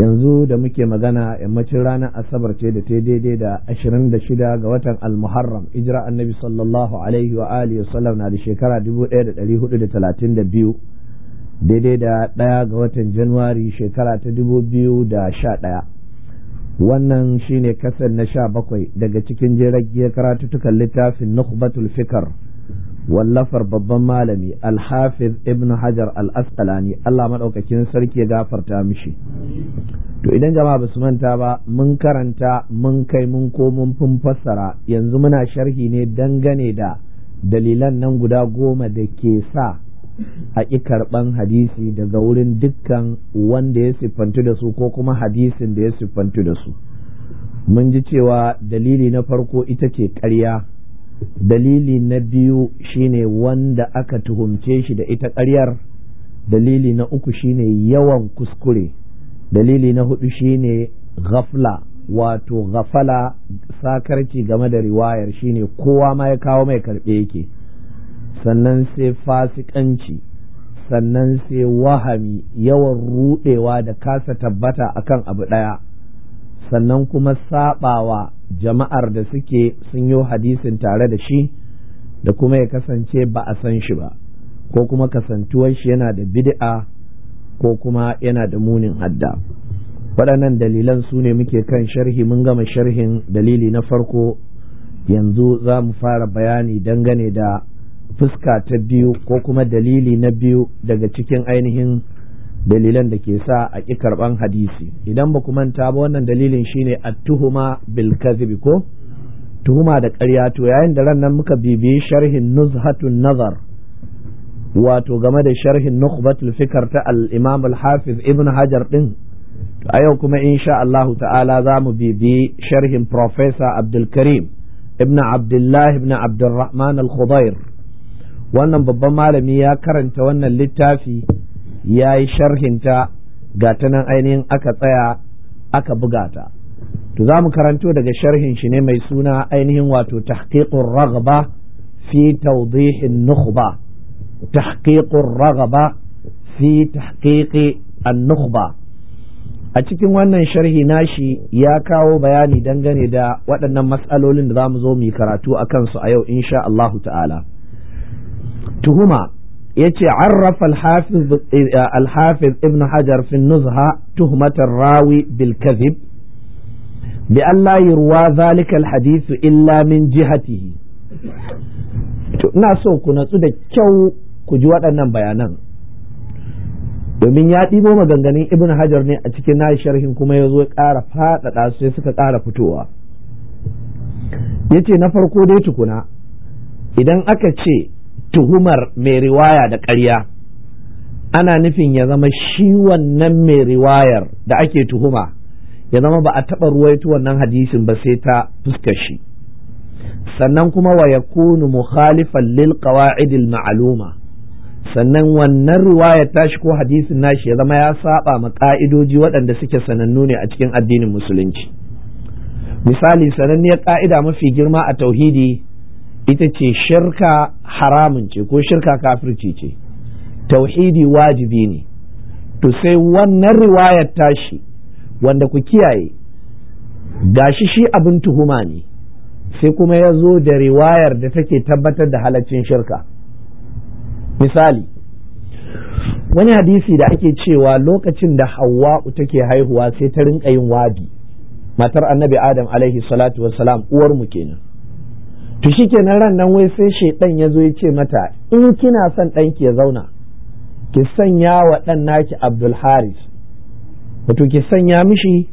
yanzu da muke magana yammacin ranar asabar ce da ta daidai da ashirin da shida ga watan almuharram ijira annabi sallallahu alaihi wa alihi wasallam na da shekara biyu daidai da ɗaya ga watan januwari shekara ta dubu biyu da sha ɗaya wannan shine kasar na sha bakwai daga cikin jeragiyar karatuttukan littafin nukhbatul fikar wallafar babban malami alhafiz ibn hajar al-asqalani Allah maɗaukakin sarki ya gafarta mishi to idan jama'a ba su manta ba mun karanta mun kai mun ko mun fin fassara yanzu muna sharhi ne dangane da dalilan nan guda goma da ke sa a ƙi karɓan hadisi daga wurin dukkan wanda ya siffantu da su ko kuma hadisin da ya siffantu da su mun ji cewa dalili na farko ita ce ƙarya dalili na biyu shine wanda aka tuhumce shi da ita ƙaryar dalili na uku shine yawan kuskure dalili na hudu shine ghafla wato ghafala sakarci game da riwayar shine kowa ma ya kawo mai karɓe yake sannan sai fasikanci sannan sai wahami yawan rudewa da kasa tabbata akan abu ɗaya sannan kuma saɓawa jama'ar da suke sun yi hadisin tare da shi da kuma ya kasance ba a san shi ba ko kuma kasantuwar shi yana da bid'a ko kuma yana da munin hadda waɗannan dalilan su ne muke kan sharhi mun gama sharhin dalili na farko yanzu za mu fara bayani dangane da fuska ta biyu ko kuma dalili na biyu daga cikin ainihin dalilan da ke sa a ƙi karɓan hadisi idan ba ku manta ba wannan dalilin shine at-tuhuma bil kadhibi ko tuhuma da ƙarya to yayin da ran nan muka bibiyi sharhin nuzhatun nazar wato game da sharhin nukhbatul fikr ta al-imam al-hafiz ibn hajar din to a yau kuma insha Allah ta'ala za mu bibiyi sharhin professor abdul karim ibn abdullah ibn abdurrahman al-khudair wannan babban malami ya karanta wannan littafi ya yi sharhinta ga ta nan ainihin aka tsaya aka buga ta to za mu karanto daga sharhin shi ne mai suna ainihin wato tahqiqur ragaba fi tawdihin nukhba tahqiqur ragaba fi tahqiqi an-nukhba a cikin wannan sharhi nashi ya kawo bayani dangane da waɗannan matsalolin da za mu zo mu yi karatu a kansu a yau insha Allahu ta'ala tuhuma yace arrafa al-hafiz al-hafiz ibn hajar fi nuzha tuhmat rawi bil bi an la yurwa zalika illa min jihatihi ina so ku natsu da kyau ku ji waɗannan bayanan domin ya ɗibo maganganun ibn hajar ne a cikin na sharhin kuma ya zo ƙara faɗaɗa su sai suka ƙara fitowa ya ce na farko dai tukuna idan aka ce tuhumar mai riwaya da ƙarya ana nufin ya zama shi wannan mai riwayar da ake tuhuma ya zama ba a taɓa ruwaito wannan hadisin ba sai ta fuskar shi sannan kuma wa ya mu mukhalifan lil qawa'idil ma'luma sannan wannan riwaya tashi ko hadisin nashi ya zama ya saba ma ka'idoji waɗanda suke sanannu ne a cikin addinin musulunci misali sananniyar ka'ida mafi girma a tauhidi ita ce shirka haramun ce ko shirka kafirci ce tauhidi wajibi ne to sai wannan riwayar tashi wanda ku kiyaye gashi shi abin tuhuma ne sai kuma ya zo da riwayar da take tabbatar da halaccin shirka misali wani hadisi da ake cewa lokacin da hawa'u take haihuwa sai ta rinka yin wabi matar annabi adam alaihi salatu uwar uwarmu kenan to shi ran nan wai sai shaiɗan ya zo ya ce mata in kina son ɗanki ya zauna ki sanya wa ɗan naki Abdul Haris wato ki sanya mishi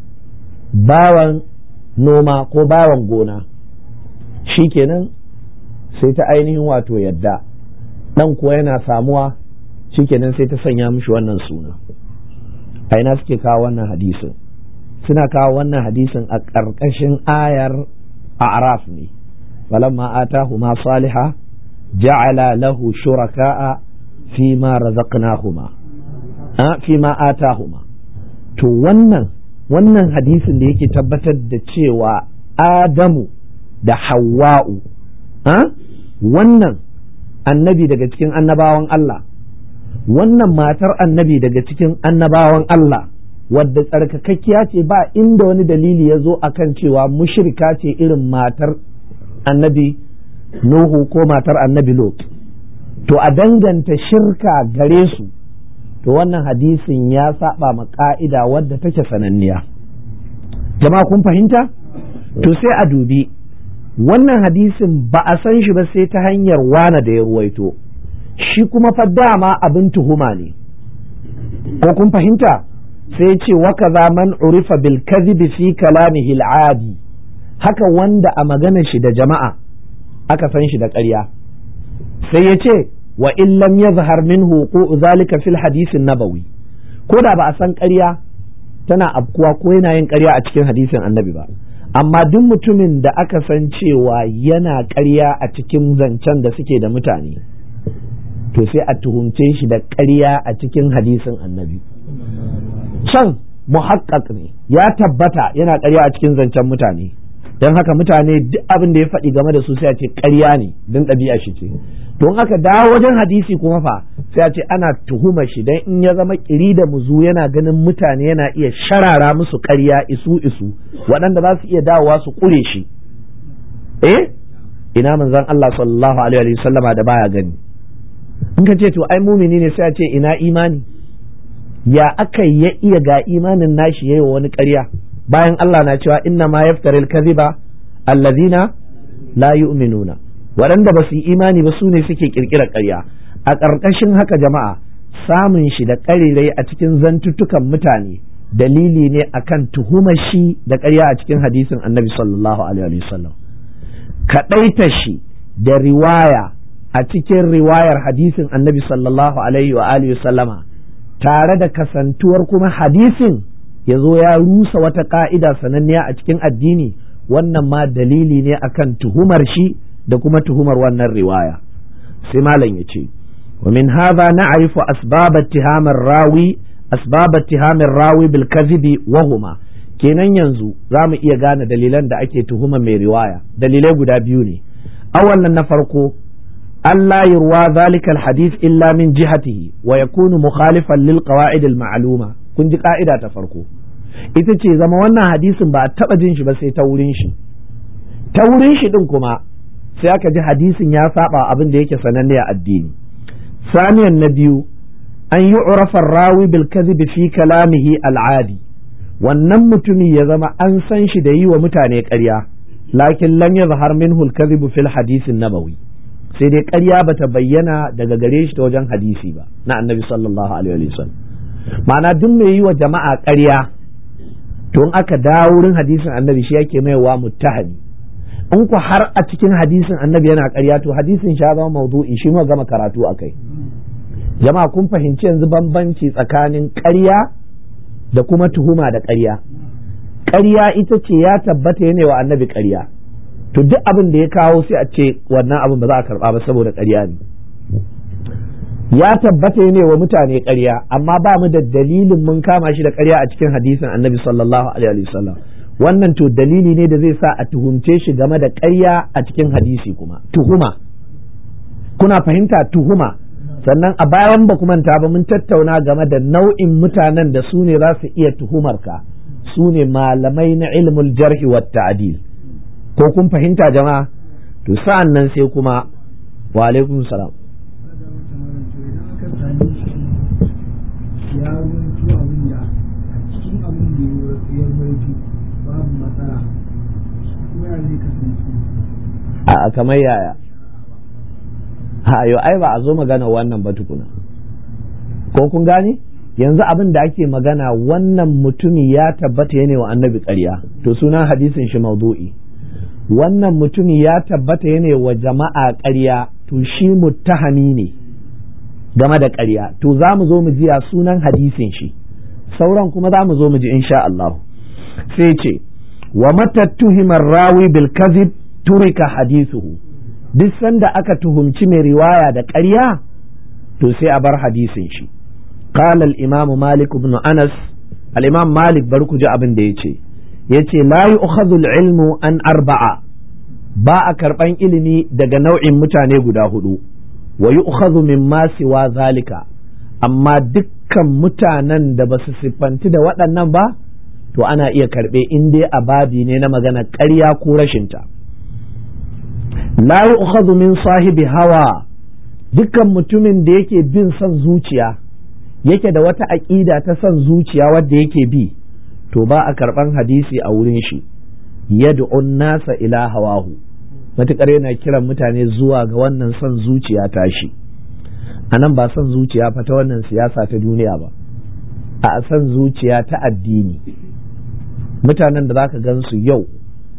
bawan noma ko bawan gona shikenan sai ta ainihin wato yadda ɗan kuwa yana samuwa shikenan sai ta sanya mishi wannan suna a ina suke kawo wannan hadisin suna kawo wannan hadisin a ƙarƙashin ayar a'raf ne فلما آتاهما صالحا ja'ala lahu شركاء فيما رزقناهما a آتاهما to wannan wannan hadisin da yake tabbatar da cewa adamu da hawa'u wannan annabi daga cikin annabawan Allah wannan matar annabi daga cikin annabawan Allah wadda tsarkakakkiya ce ba inda wani dalili ya zo akan cewa mushrika ce irin matar annabi nuhu ko matar annabi lot to a danganta shirka gare su to wannan hadisin ya saba ma ka'ida wadda take sananniya jama'a kun fahimta to sai a dubi wannan hadisin ba a san shi ba sai ta hanyar wana da ya ruwaito shi kuma fa dama abin tuhuma ne ko kun fahimta sai ce waka man urifa bil kadhibi fi kalamihi al'adi haka wanda a maganar shi da jama'a aka san shi da ƙarya sai ya ce wa in ya zahar minhu qu'u zalika fil hadisin nabawi ko da ba a san ƙarya tana afkuwa ko yana yin ƙarya a cikin hadisin annabi ba amma duk mutumin da aka san cewa yana ƙarya a cikin zancen da suke da mutane to sai a tuhumce shi da ƙarya a cikin hadisin annabi can muhakkak ne ya tabbata yana ƙarya a cikin zancen mutane don haka mutane duk abin da ya faɗi game da su sai a ce ƙarya ne don ɗabi'a shi ce don haka dawo wajen hadisi kuma fa sai a ce ana tuhuma shi don in ya zama ƙiri da muzu yana ganin mutane yana iya sharara musu ƙarya isu isu waɗanda za su iya dawowa su ƙure shi eh ina manzan Allah sallallahu alaihi wa sallama da baya gani in ka ce to ai mumini ne sai a ce ina imani ya aka ya iya ga imanin nashi yayi wani ƙarya bayan Allah na cewa inna ma yaftaril kadhiba allazina la yu'minuna waɗanda ba su yi imani ba su ne suke kirkira ƙarya a ƙarƙashin haka jama'a samun shi da ƙarirai a cikin zantuttukan mutane dalili ne akan tuhumar shi da ƙarya a cikin hadisin annabi sallallahu alaihi wasallam kaɗaita shi da riwaya a cikin riwayar hadisin annabi sallallahu alaihi wa alihi sallama tare da kasantuwar kuma hadisin ya zo ya rusa wata ka'ida sananniya a cikin addini wannan ma dalili ne akan tuhumar shi da kuma tuhumar wannan riwaya sai malam ya ce wa min hadha na'rifu asbab ittihamar rawi asbab ittihamir rawi bil kadhibi wa huma kenan yanzu za mu iya gane dalilan da ake tuhuma mai riwaya dalilai guda biyu ne awalan na farko Allah yurwa zalika al hadith illa min jihatihi wa yakunu mukhalifan lil qawaid al ma'luma kun ji ka'ida ta farko ita ce zama wannan hadisin ba a taba jin shi ba sai ta wurin shi ta wurin shi din kuma sai aka ji hadisin ya saba abin da yake sananne a addini saniyan na biyu an yi urafar rawi bil kadhibi fi kalamihi al'adi wannan mutumi ya zama an san shi da yi wa mutane ƙarya lakin lam yazhar minhu al-kadhibu fil hadisin nabawi sai dai ƙarya bata bayyana daga gare shi ta wajen hadisi ba na annabi sallallahu alaihi wasallam ma'ana duk mai yi wa jama'a ƙarya to aka dawo wurin hadisin annabi shi yake wa muttahami in ku har a cikin hadisin annabi yana ƙarya to hadisin sha zama maudu'i shi ma gama karatu a kai jama'a kun fahimci yanzu bambanci tsakanin ƙarya da kuma tuhuma da ƙarya ƙarya ita ce ya tabbata yana wa annabi ƙarya to duk abin da ya kawo sai a ce wannan abin ba za a karɓa ba saboda ƙarya ne ya tabbata ne wa mutane ƙarya amma ba mu da dalilin mun kama shi da ƙarya a cikin hadisin annabi sallallahu alaihi wasallam wannan to dalili ne da zai sa a tuhumce shi game da ƙarya a cikin hadisi kuma tuhuma kuna fahimta tuhuma sannan a bayan ba kuma ta ba mun tattauna game da nau'in mutanen da su ne za su iya tuhumar ka su ne malamai na ilmul jarhi wa ta'dil ko kun fahimta jama'a to sa'an nan sai kuma wa alaikum salam a kamar yaya ha yau ai ba a zo magana wannan ba tukuna ko kun gane yanzu abin da ake magana wannan mutumi ya tabbata ya wa annabi ƙarya to sunan hadisin shi maudu'i wannan mutumi ya tabbata yana wa jama'a ƙarya to shi muttahami ne game da ƙarya to za mu zo mu ji a sunan hadisin shi sauran kuma za mu zo mu ji insha Allah sai ce wa matattuhimar rawi bil kazib turika hadisuhu duk sanda aka tuhumci mai riwaya da ƙarya to sai a bar hadisin shi qala al-imam malik ibn anas al-imam malik bar ku ji abin da yace yace la yu'khadhu al-ilmu an arba'a ba a karban ilimi daga nau'in mutane guda hudu wa yu'khadhu mimma siwa zalika amma dukkan mutanen da ba su siffanti da waɗannan ba to ana iya karɓe in dai a ne na magana ƙarya ko rashinta la yu'khadhu min sahibi hawa dukkan mutumin da yake bin son zuciya yake da wata aƙida ta son zuciya wadda yake bi to ba a karɓan hadisi a wurin shi yad'un nasa ila hawahu matukar yana kiran mutane zuwa ga wannan son zuciya tashi a nan ba son zuciya fa ta wannan siyasa ta duniya ba a san zuciya ta addini mutanen da zaka gansu yau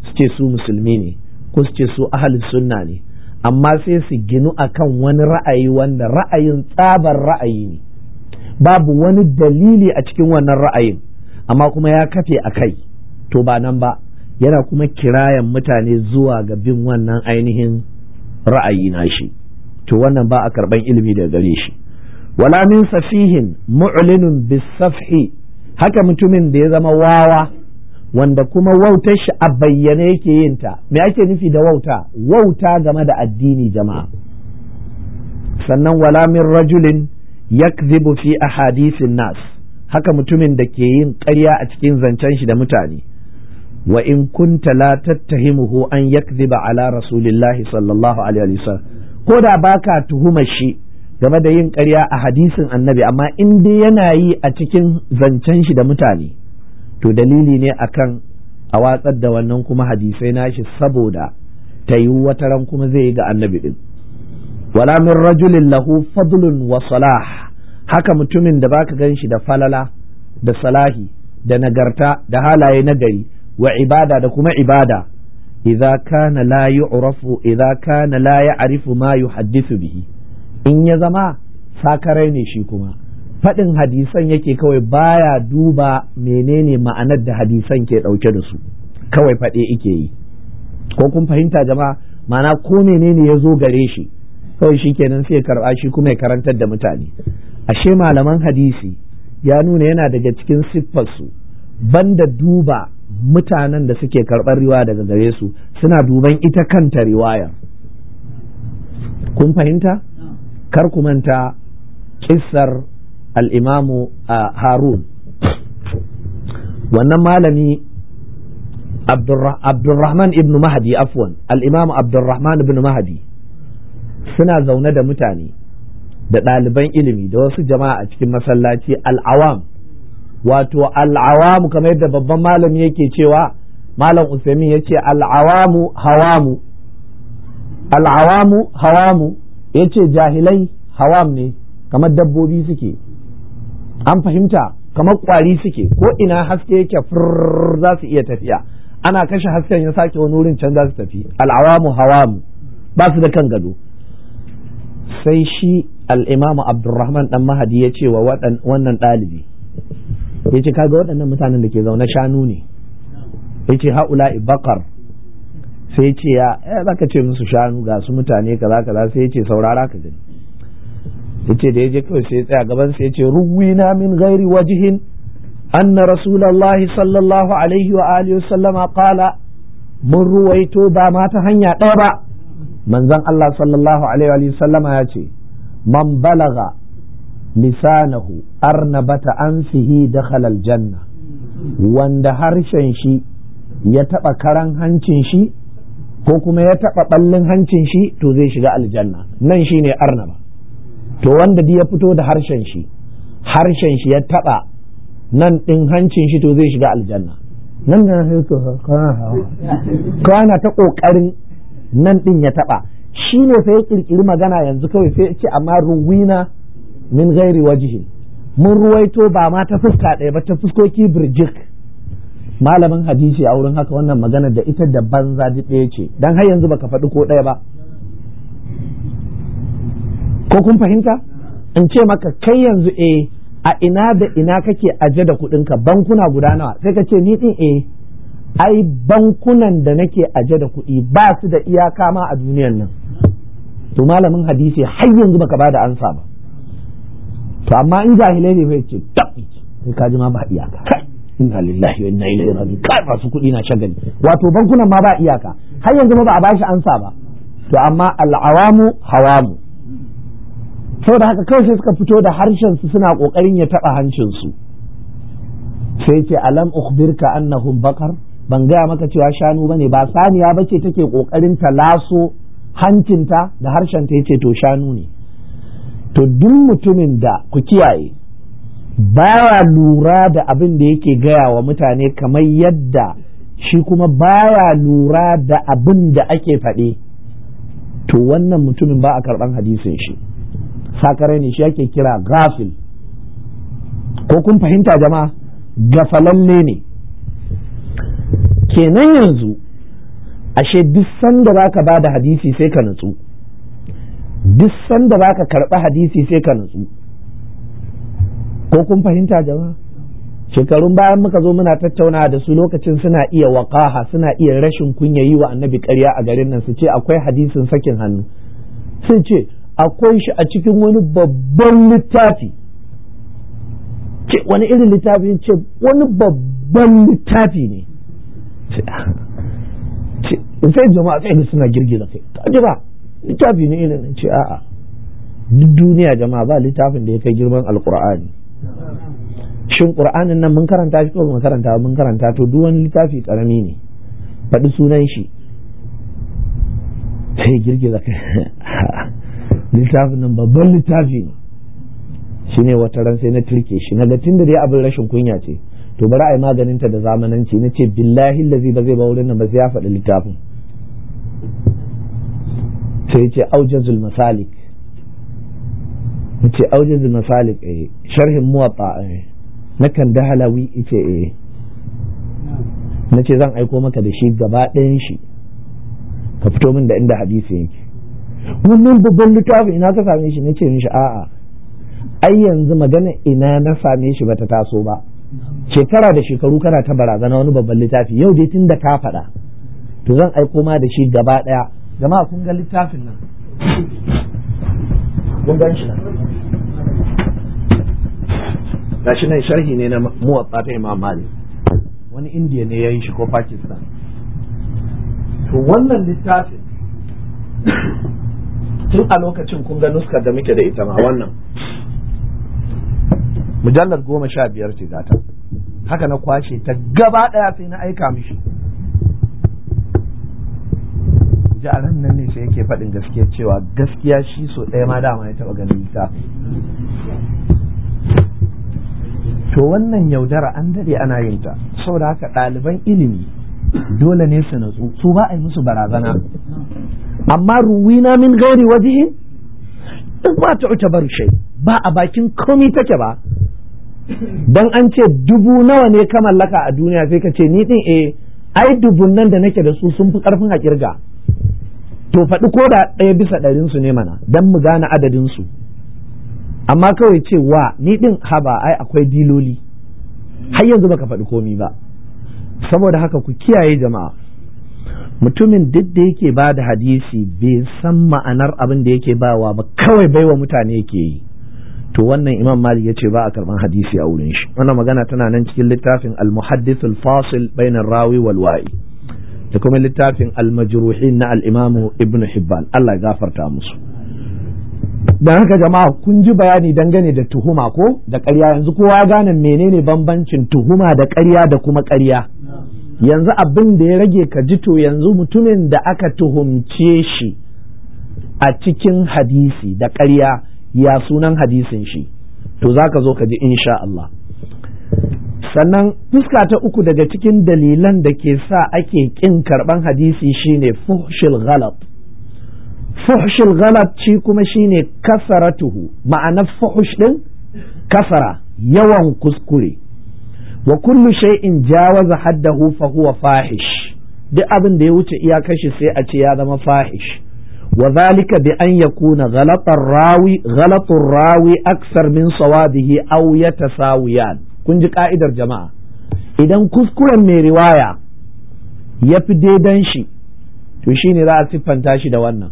su su musulmi ne ko su ce su ahalin sunna ne amma sai su ginu akan wani ra'ayi wanda ra'ayin tsabar ra'ayi ne babu wani dalili a cikin wannan ra'ayin amma kuma ya kafe a kai to ba nan ba yana kuma kirayen mutane zuwa ga bin wannan ainihin ra'ayi na shi to wannan ba a karban ilimi da gare shi wala min safihin mu'linun bisafhi haka mutumin da ya zama wawa wanda kuma wautar shi a bayyane yake yin ta me ake nufi da wauta wauta game da addini jama'a sannan wala min rajulin yakzibu fi ahadisin nas haka mutumin da ke yin ƙarya a cikin zancen shi da mutane wa in kunta la tattahimuhu an yakziba ala rasulillahi sallallahu alaihi wasallam ko da baka tuhumar shi game da yin ƙarya a hadisin annabi amma in dai yana yi a cikin zancen shi da mutane to dalili ne akan a watsar da wannan kuma hadisai nashi saboda ta yi wata ran kuma zai yi ga annabi din wala min rajulin lahu fadlun wa salah haka mutumin da baka gan shi da falala da salahi da nagarta da halaye na gari wa ibada da kuma ibada idza kana la yu'rafu idza kana la ya'rifu ma yuhaddithu bihi in ya zama sakarai ne shi kuma faɗin hadisan yake kawai baya duba menene ma'anar da hadisan ke ɗauke da su kawai faɗe ike yi ko kun fahimta jama'a ma'ana ko menene ya zo gare shi kawai shi kenan sai karɓa shi kuma ya karantar da mutane ashe malaman hadisi ya nuna yana daga cikin siffarsu banda duba mutanen da suke karɓar riwaya daga gare su suna duban ita kanta riwayar kun fahimta kar ku manta kissar al'imamu harun wannan malami abdurrahman ibn mahadi afwan al'imamu abdurrahman ibn mahadi suna zaune da mutane da ɗaliban ilimi da wasu jama'a a cikin masallaci al'awam wato al'awamu kamar yadda babban malami yake cewa malam usaimin ya ce al'awamu hawamu al'awamu hawamu ya ce jahilai hawam ne kamar dabbobi suke an fahimta kamar kwari suke ko ina haske yake furr za su iya tafiya ana kashe hasken ya sake wani wurin can za su tafi al'awamu hawamu ba su da kan gado sai shi al'imamu abdurrahman dan mahadi ya ce wa wannan ɗalibi ya ce kaga waɗannan mutanen da ke zaune shanu ne ya ce haula bakar sai ce ya eh, zaka ce musu shanu ga su mutane kaza kaza sai ya ce saurara ka gani yace da yaje kawai sai ya tsaya gaban sa yace ruwina min gairi wajihin anna rasulullahi sallallahu alaihi wa alihi wasallama qala mun ruwaito ba ma ta hanya ɗaya ba manzon Allah sallallahu alaihi wa sallama ya ce man balaga lisanahu arnabata anfihi dakhala aljanna wanda harshen shi ya taba karan hancin shi ko kuma ya taba ballin hancin shi to zai shiga aljanna nan shine arnaba to wanda ya fito da harshen shi harshen shi ya taba nan ɗin hancin shi to zai shiga aljanna nan to kana ta ƙoƙarin nan ɗin ya taba shi ne sai ya ƙirƙiri magana yanzu kawai sai ce amma ruwina min gairi wajihin mun ruwaito ba ma ta fuska ɗaya ba ta fuskoki birjik malamin hadisi a wurin haka wannan magana da ita da banza ce dan har yanzu baka faɗi ko ɗaya ba ko kun fahimta in ce maka kai yanzu eh a ina da ina kake aje da ka bankuna guda nawa sai ka ce ni din eh ai bankunan da nake aje da kuɗi ba su da iyaka ma a duniyan nan to malamin hadisi har yanzu baka bada ansa ba to amma in jahilai ne bai ce tabbi sai ka ji ma ba iyaka inna lillahi wa inna ilaihi raji'un kai masu kuɗi na shagali wato bankunan ma ba iyaka har yanzu ma ba a bashi ansa ba to amma al'awamu hawamu saboda haka kawai sai suka fito da harshen su suna kokarin ya taba hancin su sai ce alam ukhbirka annahum bakar ban gaya maka cewa shanu bane ba saniya bace take kokarin ta laso hancinta da harshen ta yace to shanu ne to duk mutumin da ku kiyaye baya lura da abin da yake gaya wa mutane kamar yadda shi kuma baya lura da abin da ake faɗe to wannan mutumin ba a karɓan hadisin shi sakarai ne shi ake kira gafil ko kun fahimta jama'a gafalalle ne kenan yanzu ashe duk sanda baka ba da hadisi sai ka nutsu duk sanda baka karɓi hadisi sai ka nutsu ko kun fahimta jama'a shekarun bayan muka zo muna tattauna da su lokacin suna iya waƙaha suna iya rashin kunya yi wa annabi ƙarya a garin nan su ce akwai hadisin sakin hannu sai ce akwai shi a cikin wani babban littafi wani irin littafi ce wani babban littafi ne sai jama'a tsaye suna girgiza kai ta ji ba littafi ne irin ce a'a duk duniya jama'a ba littafin da ya kai girman alkur'ani shin qur'anin nan mun karanta shi ko mun karanta mun karanta to duk wani littafi karami ne faɗi sunan shi sai girgiza kai littafin nan babban littafi ne shine wata ran sai na turke shi na gatin da dai abin rashin kunya ce to bari ayi maganin ta da zamananci na ce billahi lazi ba zai ba wurin nan ba sai ya faɗi littafin sai ce aujazul masalik ce aujazul masalik eh sharhin muwatta eh na kan da halawi ce eh na ce zan aiko maka da shi gaba ɗayan shi ka fito min da inda hadisi yake wannan babban littafin ina ka same shi nace mishi a'a ai yanzu magana ina na same shi bata taso ba shekara da shekaru kana ta barazana wani babban littafi yau dai tun da ka faɗa to zan aiko ma da shi gaba ɗaya jama'a kun ga littafin nan kun gan shi nan gashi nan sharhi ne na muwatsa ta imam malik wani indiya ne ya yi shi ko pakistan to wannan littafin tun a lokacin kun ga nuskar da muke da ita ma wannan mujallar goma sha biyar ce gata haka na kwashe ta gaba ɗaya sai na aika mishi jaran nan ne sai yake faɗin gaskiya cewa gaskiya shi so ɗaya ma dama ya taɓa ganin ta to wannan yaudara an daɗe ana yin ta saboda haka ɗaliban ilimi dole ne su natsu su ba a yi musu barazana amma ruwina min gairi wajihin ba ta bar shai ba a bakin komi take ba dan an ce dubu nawa ne ka mallaka a duniya sai ka ce ni din eh ai dubun nan da nake da su sun fi karfin a kirga to faɗi ko da ɗaya bisa ɗarin su ne mana dan mu gane adadin su amma kawai ce wa ni din haba ai akwai diloli har yanzu baka faɗi komi ba saboda haka ku kiyaye jama'a mutumin duk da yake ba da hadisi bai san ma'anar abin da yake bawa ba kawai baiwa mutane yake yi to wannan imam mali ya ce ba a karban hadisi a wurin shi wannan magana tana nan cikin littafin al fasil bainar rawi wal da kuma littafin al na al imamu ibn hibban Allah ya gafarta musu dan haka jama'a kun ji bayani dangane da tuhuma ko da ƙarya yanzu kowa ya gane menene bambancin tuhuma da ƙarya da kuma ƙarya yanzu abin da ya rage ka ji to yanzu mutumin da aka tuhumce shi a cikin hadisi da ƙarya ya sunan hadisin shi to za ka zo ka ji insha Allah sannan fuska ta uku daga cikin dalilan da ke sa ake ƙin karɓan hadisi shine fuhshil ghalat fuhshil ghalat ci kuma shine kasaratuhu ma'ana fuhsh din kasara yawan kuskure wa kullu shay'in jawaza haddahu fa huwa fahish duk abin da ya wuce iyakar shi sai a ce ya zama fahish wa zalika bi an yakuna ghalatar rawi ghalatur rawi aksar min sawabihi aw yatasawiyan kun ji ka'idar jama'a idan kuskuren mai riwaya ya fi daidan shi to shine za a siffanta shi da wannan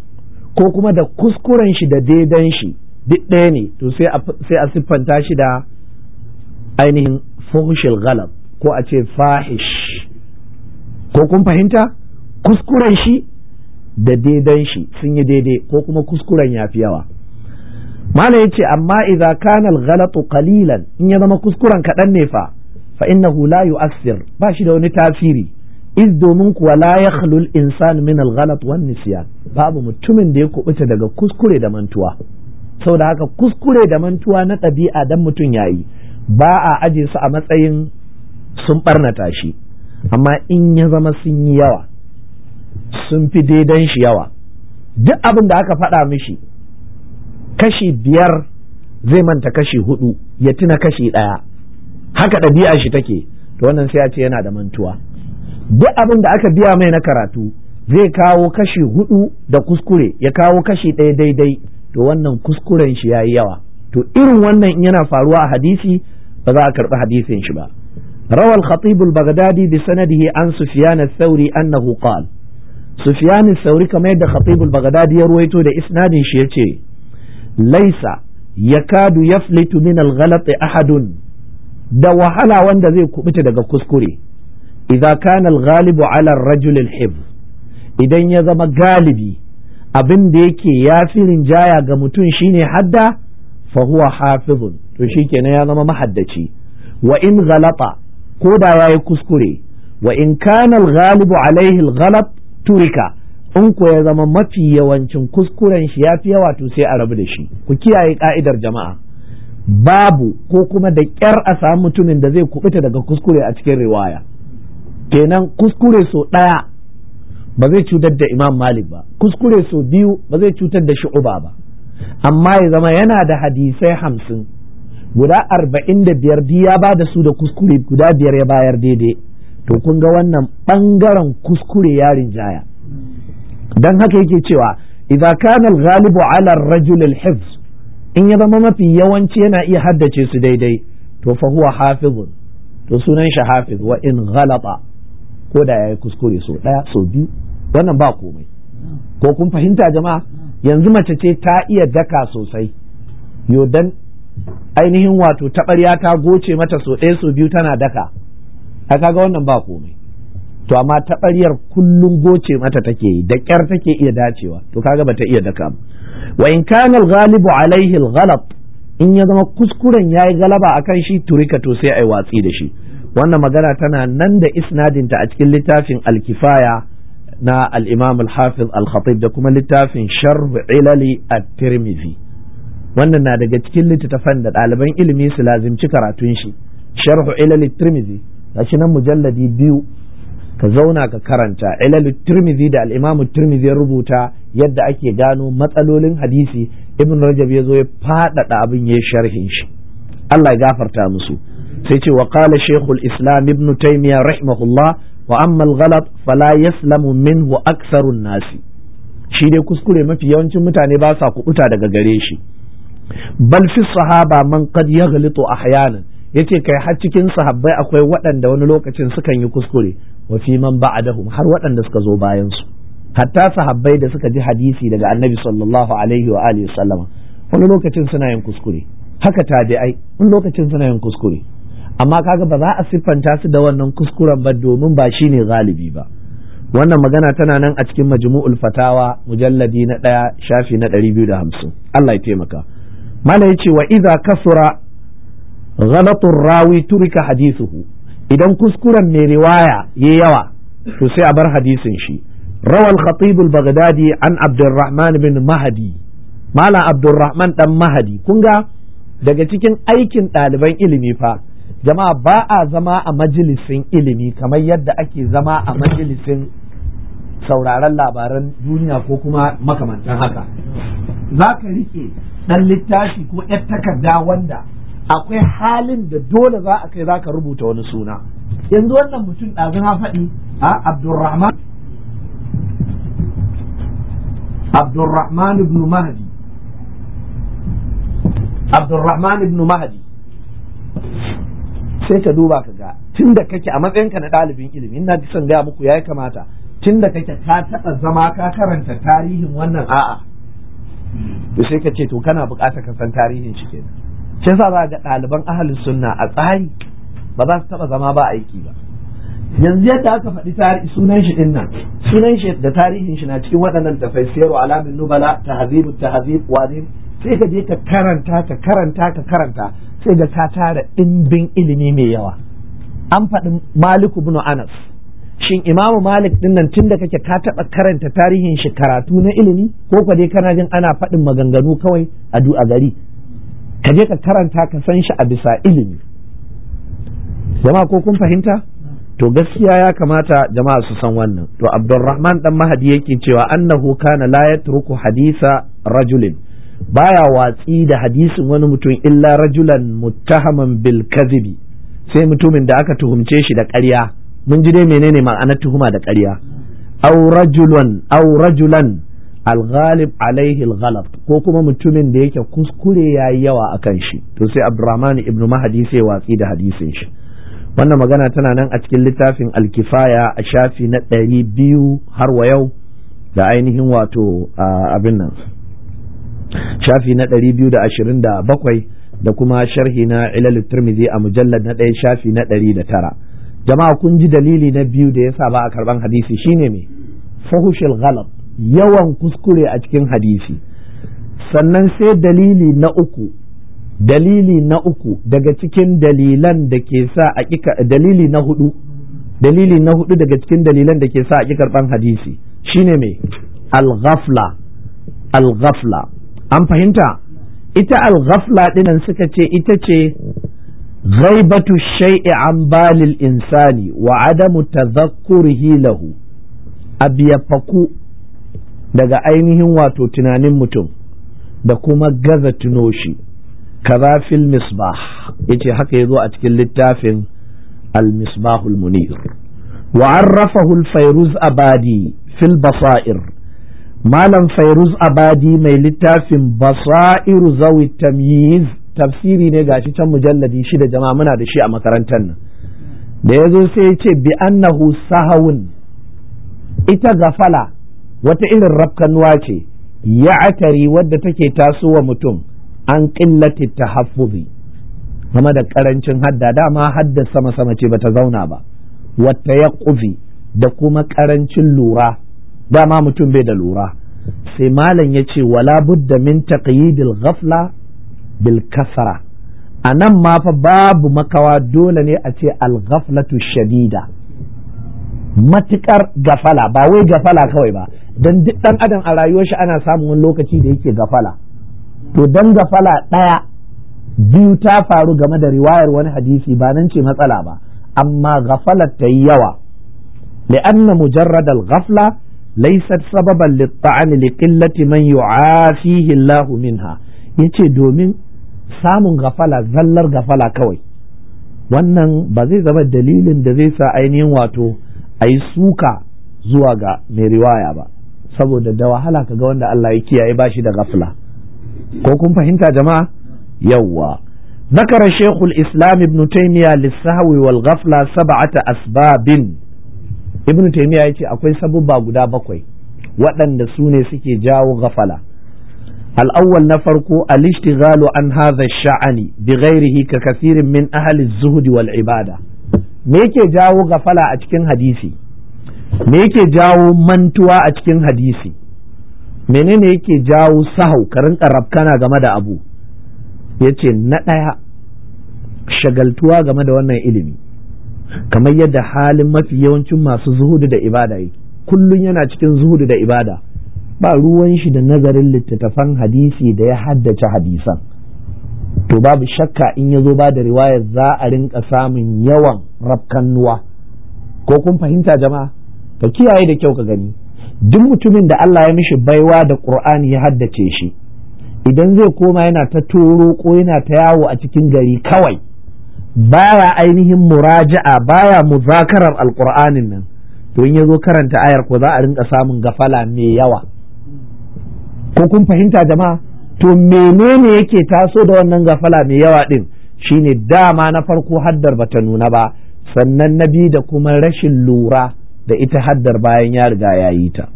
ko kuma da kuskuren shi da daidan shi duk ɗaya ne to sai a siffanta shi da ainihin fuhshil ghalab ko a ce fahish ko kun fahimta kuskuren shi da daidan shi sun yi daidai ko kuma kuskuren ya fi yawa mala ya ce amma idza kana al-ghalatu qalilan in ya zama kuskuren kaɗan ne fa fa innahu la yu'assir ba shi da wani tasiri iz domin kuwa la yakhlu al-insan min al-ghalat wan nisyan babu mutumin da ya kubuta daga kuskure da mantuwa saboda haka kuskure da mantuwa na ɗabi'a dan mutum yayi ba a aje su a matsayin sun barnata shi amma in ya zama sun yi yawa sun fi daidan shi yawa duk abin da aka faɗa mishi kashi biyar zai manta kashi hudu ya tuna kashi ɗaya haka ɗabi'a shi take to wannan sai a ce yana da mantuwa duk abin da aka biya mai na karatu zai kawo kashi hudu da kuskure ya kawo kashi ɗaya daidai to wannan kuskuren shi ya yi yawa to irin wannan yana faruwa a hadisi ba za a karɓi hadisin shi ba rawa al-khatib al-baghdadi bi sanadihi an sufyan al-thawri annahu qal sufyan kamar da khatib al ya ruwaito da isnadin shi yace laysa yakadu yaflitu min al-ghalat da wahala wanda zai kubuta daga kuskure idza kana al-ghalib ala ar hib idan ya zama galibi abin da yake yafi rinjaya ga mutum shine hadda fahuwa hafizun to shi kenan ya zama mahaddaci wa in ghalata ko da yi kuskure wa in kana galibu ghalibu alaihi al turika in ko ya zama mafi yawancin kuskuren shi fi yawa to sai a rabu da shi ku kiyaye ka'idar jama'a babu ko kuma da kyar a samu mutumin da zai kubuta daga kuskure a cikin riwaya kenan kuskure so ɗaya ba zai cutar da imam malik ba kuskure so biyu ba zai cutar da shi uba ba amma ya zama yana da hadisai hamsin guda arba'in da biyar ya ba da su da kuskure guda biyar ya bayar daidai to kun ga wannan ɓangaren kuskure ya rinjaya don haka yake cewa idza kana al-ghalibu ala ar-rajul al-hifz in ya zama mafi yawanci yana iya haddace su daidai to fa huwa hafizun to sunan shi hafiz wa in ghalata ko da yayi kuskure so daya so biyu wannan ba komai ko kun fahimta jama'a yanzu mace ce ta iya daka sosai yo dan ainihin wato taɓarya ta goce mata so ɗaya so biyu tana daka a kaga wannan ba komai to amma taɓaryar kullum goce mata take yi da ƙyar take iya dacewa to kaga bata iya daka wa in kana al-ghalibu alaihi al in ya zama kuskuren yayi galaba akan shi turika to sai ai watsi da shi wannan magana tana nan da isnadinta a cikin littafin Alkifaya na al-imam al-hafiz al-khatib da kuma littafin sharh ilali at-tirmidhi wannan na daga cikin littattafan da ɗaliban ilimi su lazimci karatun shi sharhu ilal tirmizi gashi nan mujalladi biyu ka zauna ka karanta ilal tirmizi da al-imam tirmizi ya rubuta yadda ake gano matsalolin hadisi ibn rajab ya zo ya faɗaɗa abin ya sharhin shi Allah ya gafarta musu sai ce wa qala shaykhul islam ibn taymiya rahimahullah wa amma al-ghalat fala yaslamu minhu aktharun nasi shi dai kuskure mafi yawancin mutane ba sa kubuta daga gare shi bal fi sahaba man qad yaghlitu ahyana yace kai har cikin sahabbai akwai waɗanda wani lokacin sukan yi kuskure wa fi man ba'dahum har waɗanda suka zo bayan su hatta sahabbai da suka ji hadisi daga annabi sallallahu alaihi wa alihi sallama wani lokacin suna yin kuskure haka ta tabi'ai wani lokacin suna yin kuskure amma kaga ba za a siffanta su da wannan kuskuren ba domin ba shine galibi ba wannan magana tana nan a cikin majmu'ul fatawa mujalladi na ɗaya shafi na ɗari biyu da hamsin Allah ya taimaka mala yace wa idza kasura ghalatur rawi turika hadithuhu idan kuskuren mai riwaya yayi yawa to sai a bar hadisin shi rawal khatibul bagdadi an abdulrahman bin mahadi malam abdulrahman dan mahadi kunga daga cikin aikin ɗaliban ilimi fa jama'a ba a zama a majalisin ilimi kamar yadda ake zama a majalisin sauraron labaran duniya ko kuma makamantan haka za ka rike ɗan littafi ko ‘yar takarda wanda akwai halin da dole za a kai za ka rubuta wani suna yanzu wannan mutum ɗazin faɗi a abdurrahman abdurrahman ibn mahdi abdurrahman ibn mahdi sai ka duba ka ga tun da kake a matsayinka na ɗalibin ilimi ina son gaya muku ya kamata tun da kake ka taɓa zama ka karanta tarihin wannan a'a da sai ka ce to kana buƙatar ka san tarihin shi kenan shi yasa za ga ɗaliban ahalin sunna a tsari ba za su taɓa zama ba aiki ba yanzu yadda aka faɗi sunan shi din nan sunan shi da tarihin shi na cikin waɗannan tafai wa alamin nubala tahzibu tahzib wani sai ka je ka karanta ka karanta ka karanta sai ga ka tara ɗimbin ilimi mai yawa an faɗi maliku bin anas shin imamu malik din nan tun da kake ka taɓa karanta tarihin shi karatu na ilimi ko ka dai kana jin ana faɗin maganganu kawai a du gari ka je ka karanta ka san shi a bisa ilimi Zama ko kun fahimta to gaskiya ya kamata jama'a su san wannan to Abdulrahman dan mahadi yake cewa annahu kana la yatruku hadisa rajulin baya watsi da hadisin wani mutum illa rajulan muttahaman bil kadhibi sai mutumin da aka tuhumce shi da ƙarya mun ji dai menene ma'anar tuhuma da ƙarya aw rajulan aw rajulan al-ghalib alaihi al ko kuma mutumin da yake kuskure yayi yawa akan shi to sai Abdurrahman ibn Mahdi sai watsi da hadisin shi wannan magana tana nan a cikin littafin alkifaya a shafi na ɗari biyu har wa yau da ainihin wato abin nan shafi na ɗari biyu da ashirin da bakwai da kuma sharhi na ilal a mujallar na ɗaya shafi na ɗari da tara jama'a kun ji dalili na biyu da yasa ba a karban hadisi shine me fahushil ghalab yawan kuskure a cikin hadisi sannan sai dalili na uku dalili na uku daga cikin dalilan da ke sa a dalili na hudu dalili na hudu daga cikin dalilan da ke sa a karban hadisi shine me al-ghafla an fahimta ita al-ghafla dinan suka ce ita ce غيبة الشيء عن بال الإنسان وعدم تذكره له أبي يفكو daga ainihin wato tunanin mutum da kuma gaza tuno shi kaza fil misbah yace haka yazo a cikin littafin al misbahul munir wa arrafahu al fayruz abadi fil basair malam fayruz abadi mai littafin basairu zawi tamyiz tafsiri ne gashi can mujalladi shida jama'a muna da shi a makarantar nan da ya zo sai ya ce bi annahu sahawun ita gafala wata irin rafkanuwa ce ya atari wadda take tasowa mutum an ƙillati tahaffuzi game da ƙarancin hadda dama hadda sama sama ce bata zauna ba wata ya kufi da kuma ƙarancin lura dama mutum bai da lura sai malam ya ce wala budda min taqyidil ghafla bil kasara a nan ma fa babu makawa dole ne a ce al-ghaflatu shadida matukar gafala ba wai gafala kawai ba don duk ɗan adam a rayuwar shi ana samun wani lokaci da yake gafala to don gafala ɗaya biyu ta faru game da riwayar wani hadisi ba nan ce matsala ba amma gafalar ta yi yawa li'anna mujarradal ghafla laysat sababan lit-ta'an li man yu'afihi Allahu minha ya ce domin samun gafala zallar gafala kawai wannan ba zai zama dalilin da zai sa ainihin wato a yi suka zuwa ga mai riwaya ba saboda da wahala ka ga wanda Allah ya kiyaye bashi da gafala. ko kun fahimta jama'a yawwa ذكر شيخ الإسلام ابن تيمية للسهو والغفلة سبعة أسباب ابن تيمية يتي أكوي سبب guda bakwai waɗanda su ne suke jawo gafala الأول نفرق الاشتغال عن هذا الشأن بغيره ككثير من أهل الزهد والعبادة ميكي جاو غفلا أتكين حديثي jawo جاو a أتكين حديثي menene yake jawo sahau ka rinka game da abu yace na ɗaya shagaltuwa game da wannan ilimi kamar yadda halin mafi yawancin masu zuhudu da ibada yake kullum yana cikin zuhudu da ibada ba ruwan shi da nazarin littattafan hadisi da ya haddace hadisan to babu shakka in ya zo ba da riwaya za a rinka samun yawan rafkannuwa ko kun fahimta jama'a ka kiyaye da kyau ka gani duk mutumin da Allah ya mishi baiwa da Qur'ani ya haddace shi idan zai koma yana ta toro ko yana ta yawo a cikin gari kawai baya ainihin muraja'a baya muzakarar alqur'anin nan to in ya zo karanta ayar ko za a rinka samun gafala mai yawa ko kun fahimta jama'a to menene yake taso da wannan gafala mai yawa din shine dama na farko haddar bata nuna ba sannan na biyu da kuma rashin lura da ita haddar bayan ya riga ya yi ta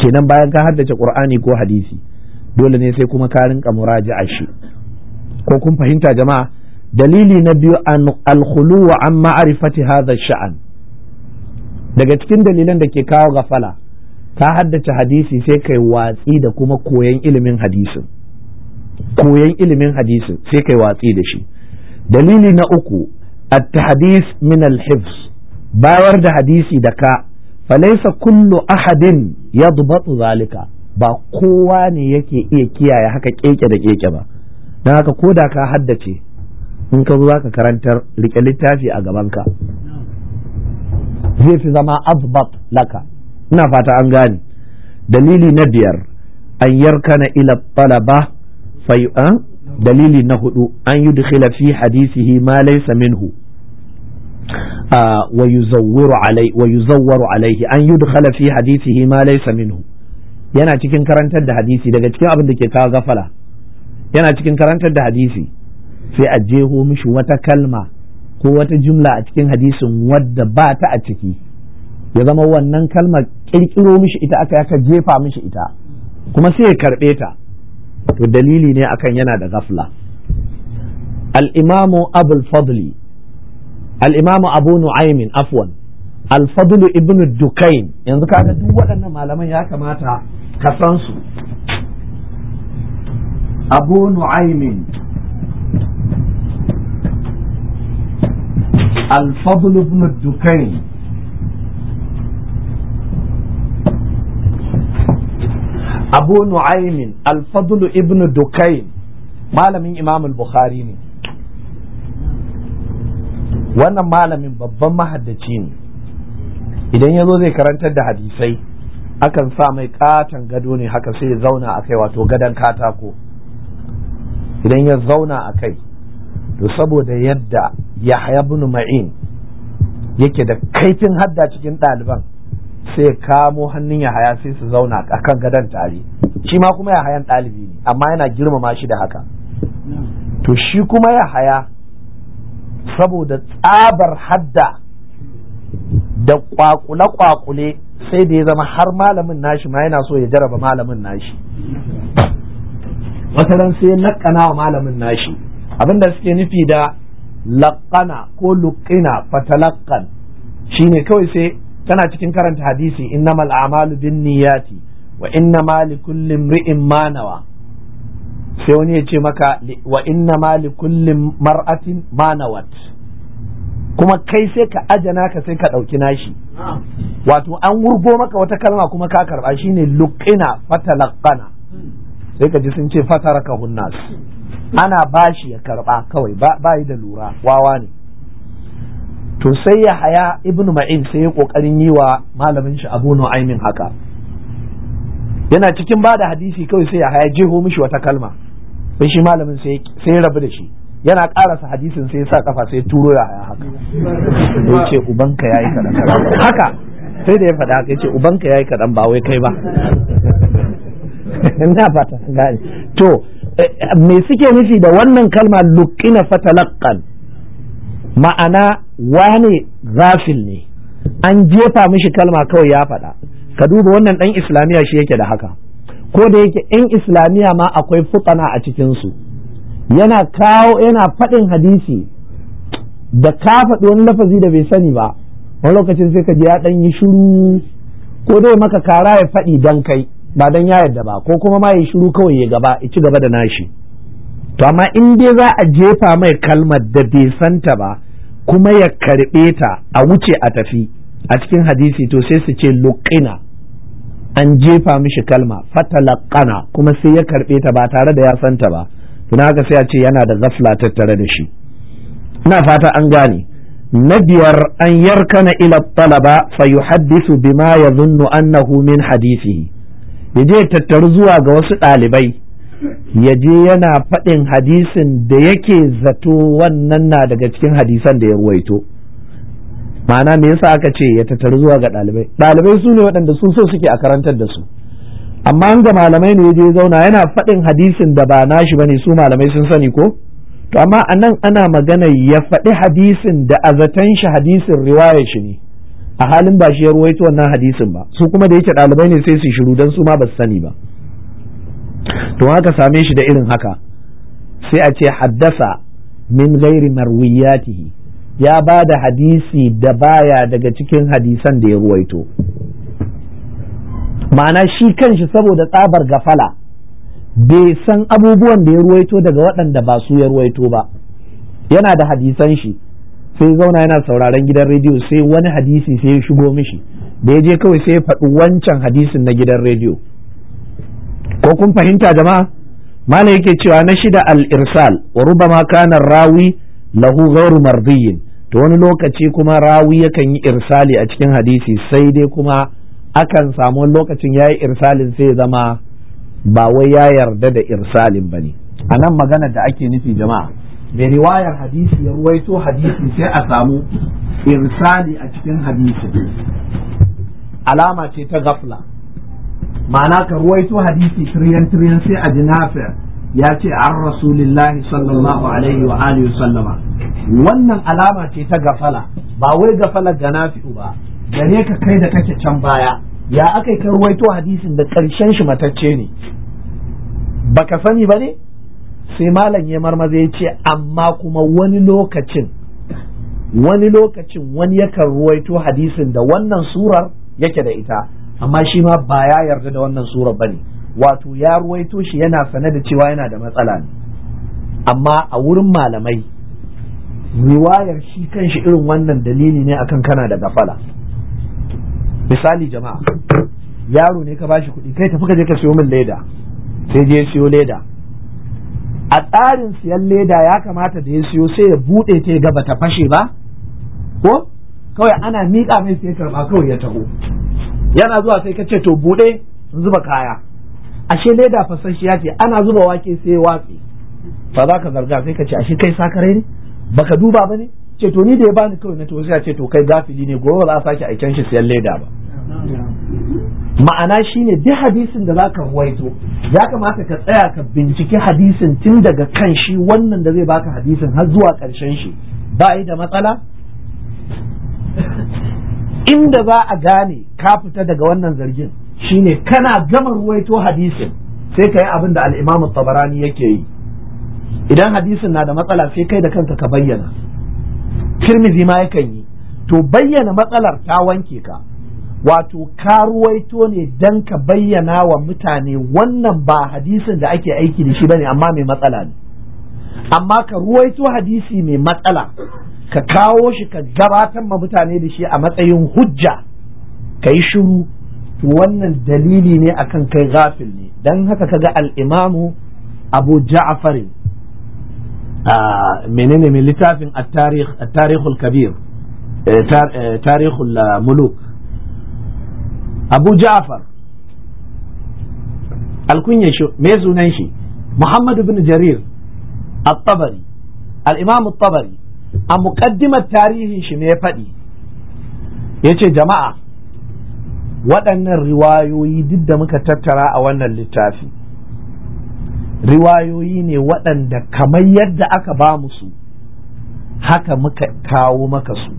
kenan bayan ka haddace qur'ani ko hadisi dole ne sai kuma ka rinka muraja'a shi ko kun fahimta jama'a dalili na biyu al-khulu wa an ma'rifati hadha sha'an daga cikin dalilan da ke kawo gafala ka haddace hadisi sai kai watsi da kuma koyan ilimin hadisin koyan ilimin hadisin sai kai watsi da shi dalili na uku at-tahdis min al-hifz bayar da hadisi da ka falaisa kullu ahadin yadbatu zalika ba kowa ne yake iya kiyaye haka keke da keke ba dan haka ko da ka haddace in ka zo zaka ka karantar rike littafi a gabanka zai fi zama azbat laka ina fata an gane dalili na biyar an yarkana ila talaba fai dalili na hudu an yi fi hadisihi ma laysa minhu wa yuzawwaru alaihi an yudkhala fi hadisihi ma laysa minhu yana cikin karantar da hadisi daga cikin abin da ke kawo gafala yana cikin karantar da hadisi sai a jeho mishi wata kalma ko wata jumla a cikin hadisin wadda ba ta a ciki ya zama wannan kalmar kirkiro mishi ita aka aka jefa mishi ita kuma sai ya karbe ta to dalili ne akan yana da gafla al-imamu abul fadli al-imamu abu nu'aymin afwan al-fadl ibn dukain yanzu kaga duk waɗannan malaman ya kamata ka san su abu nu'aymin al-fadl ibn dukain abu nu'aymin al-fadl ibn malamin imam al-bukhari ne wannan malamin babban mahaddaci ne idan ya zo zai karantar da hadisai akan sa mai katon gado ne haka sai ya zauna a kai wato gadon katako idan ya zauna a kai to saboda yadda yahya bin ma'in yake da kaifin hadda cikin ɗaliban sai kamo hannun ya haya sai su zauna a kan gadon tare shi ma kuma ya hayan ɗalibi ne amma yana girmama shi da haka to shi kuma ya haya saboda tsabar hadda da kwakule-kwakule sai da ya zama har malamin nashi ma yana so ya jaraba malamin nashi wataran sai lakana wa malamin nashi abinda suke nufi da laƙana ko lukina fatalakkan shine kawai sai tana cikin karanta hadisi innamal a'malu binniyati wa innama likulli imri'in ma nawa sai wani ya ce maka wa innama likulli mar'atin ma nawat kuma kai sai ka ajana ka sai ka ɗauki nashi wato an wurgo maka wata kalma kuma ka karɓa shine luqina fatalaqana sai ka ji sun ce fataraka hunnas ana bashi ya karɓa kawai ba yi da lura wawa ne to sai ya haya ibnu ma'in sai ya kokarin yi wa malamin shi abu nu'aimin haka yana cikin bada hadisi kawai sai ya haya jeho mishi wata kalma sai shi malamin sai ya rabu da shi yana karasa hadisin sai ya sa kafa sai ya turo ya haya haka ya ce ubanka ya yi kaɗan haka sai da ya faɗa haka ya ce ubanka ya yi kaɗan ba wai kai ba ina fata gani to eh, me suke nufi da wannan kalma lukina fatalaqqan ma'ana wane zafin ne an jefa mishi kalma kawai ya faɗa ka duba wannan ɗan islamiya shi yake da haka ko da yake ɗan islamiyya ma akwai futana a cikinsu yana kawo yana faɗin hadisi da ka faɗi wani lafazi da bai sani ba wani lokacin sai ka ji ya ɗan yi shiru ko dai maka kara ya faɗi dan kai ba dan ya yarda ba ko kuma ma ya shiru kawai ya gaba ya ci gaba da nashi to amma in dai za a jefa mai kalmar da bai santa ba kuma ya karɓe ta a wuce a tafi a cikin hadisi to sai su ce luqina an jefa mishi kalma fatalaqana kuma sai ya karɓe ta ba tare da ya santa ba tuna haka sai a ce yana da gafla tattare da shi ina fata an gane na biyar an yarkana ila talaba fa yuhaddisu bima zunnu annahu min hadisihi yaje tattaru zuwa ga wasu ɗalibai ya je yana faɗin hadisin da yake zato wannan na daga cikin hadisan da ya ruwaito ma'ana me yasa aka ce ya tattaru zuwa ga ɗalibai ɗalibai su ne waɗanda su so suke a karantar da su amma an ga malamai ne ya je zauna yana faɗin hadisin da ba nashi bane su malamai sun sani ko to amma anan ana magana ya faɗi hadisin da a zaton shi hadisin riwaya shi ne a halin ba shi ya ruwaito wannan hadisin ba su kuma da yake ɗalibai ne sai su shiru don su ma ba su sani ba to haka same shi da irin haka sai a ce haddasa min gairi marwiyatihi ya ba da hadisi da baya daga cikin hadisan da ya ruwaito ma'ana shi kanshi saboda tsabar gafala bai san abubuwan da ya ruwaito daga waɗanda ba su ya ruwaito ba yana da hadisan shi sai zauna yana sauraren gidan rediyo sai wani hadisi sai ya shigo mishi da ya je kawai sai ya faɗi wancan hadisin na gidan rediyo ko kun fahimta jama'a malam yake cewa na shida al-irsal wa rubama kana rawi lahu ghairu mardiyin to wani lokaci kuma rawi yakan yi irsali a cikin hadisi sai dai kuma akan samu lokacin yayi irsalin sai zama ba wai ya yarda da irsalin bane anan magana da ake nufi jama'a mai riwayar hadisi ya ruwaito hadisi sai a samu irsali a cikin hadisi. alama ce ta gafla ma'ana ka ruwaito hadisi tiriyan tiriyan sai a jinafi ya ce an rasulillahi sallallahu alaihi wa alihi sallama wannan alama ce ta gafala ba wai gafala ga nafi'u ba gare ka kai da kake can baya ya aka ka ruwaito hadisin da karshen shi matacce ne baka sani ba ne sai malam ya marmaza ya ce amma kuma wani lokacin wani lokacin wani yakan ruwaito hadisin da wannan surar yake da ita amma shi ma ba ya yarda da wannan surar ba ne wato ya ruwaito shi yana sane da cewa yana da matsala ne amma a wurin malamai riwayar shi kan shi irin wannan dalili ne akan kana da gafala misali jama'a yaro ne ka ba shi kuɗi kai tafi ka je ka siyo min leda sai je siyo leda a tsarin siyan leda ya kamata da ya siyo sai ya buɗe ta ya gaba ta fashe ba ko kawai ana miƙa mai sai karɓa kawai ya taho yana zuwa sai ka ce to buɗe zuba kaya ashe leda fasashiya ce ana zuba wake sai watsi fa za ka zarga sai ka ce ashe kai sakare ne baka duba ba ne ce to ni da ya bani kawai na to sai ce to kai gafili ne gobe za a sake aiken shi siyan leda ba ma'ana shine duk hadisin da zaka ruwaito ya kamata ka tsaya ka binciki hadisin tun daga kan shi wannan da zai baka hadisin har zuwa karshen shi ba da matsala inda za a gane ka fita daga wannan zargin shine kana gama ruwaito hadisin sai ka yi abin da al'imamu tabarani yake yi idan hadisin na da matsala sai kai da kanka ka bayyana tirmizi ma yakan yi to bayyana matsalar ta wanke ka wato ka ruwaito ne dan ka bayyana wa mutane wannan ba hadisin da ake aiki da shi ne amma mai matsala ne amma ka ruwaito hadisi mai matsala ka kawo shi ka gabatar ma mutane da shi a matsayin hujja ka yi shiru to wannan dalili ne akan kai gafil ne don haka ka ga al’imamu abu ja'afari a menene mai littafin tarihul kabir tarihul muluk abu ja'afar alkunyar shi mai sunan shi muhammadu bin jarir al-tabari al imamu tabari a muƙaddimar tarihin shi ne ya faɗi ya ce jama'a waɗannan riwayoyi duk da muka tattara a wannan littafi riwayoyi ne waɗanda kamar yadda aka ba mu su haka muka kawo maka su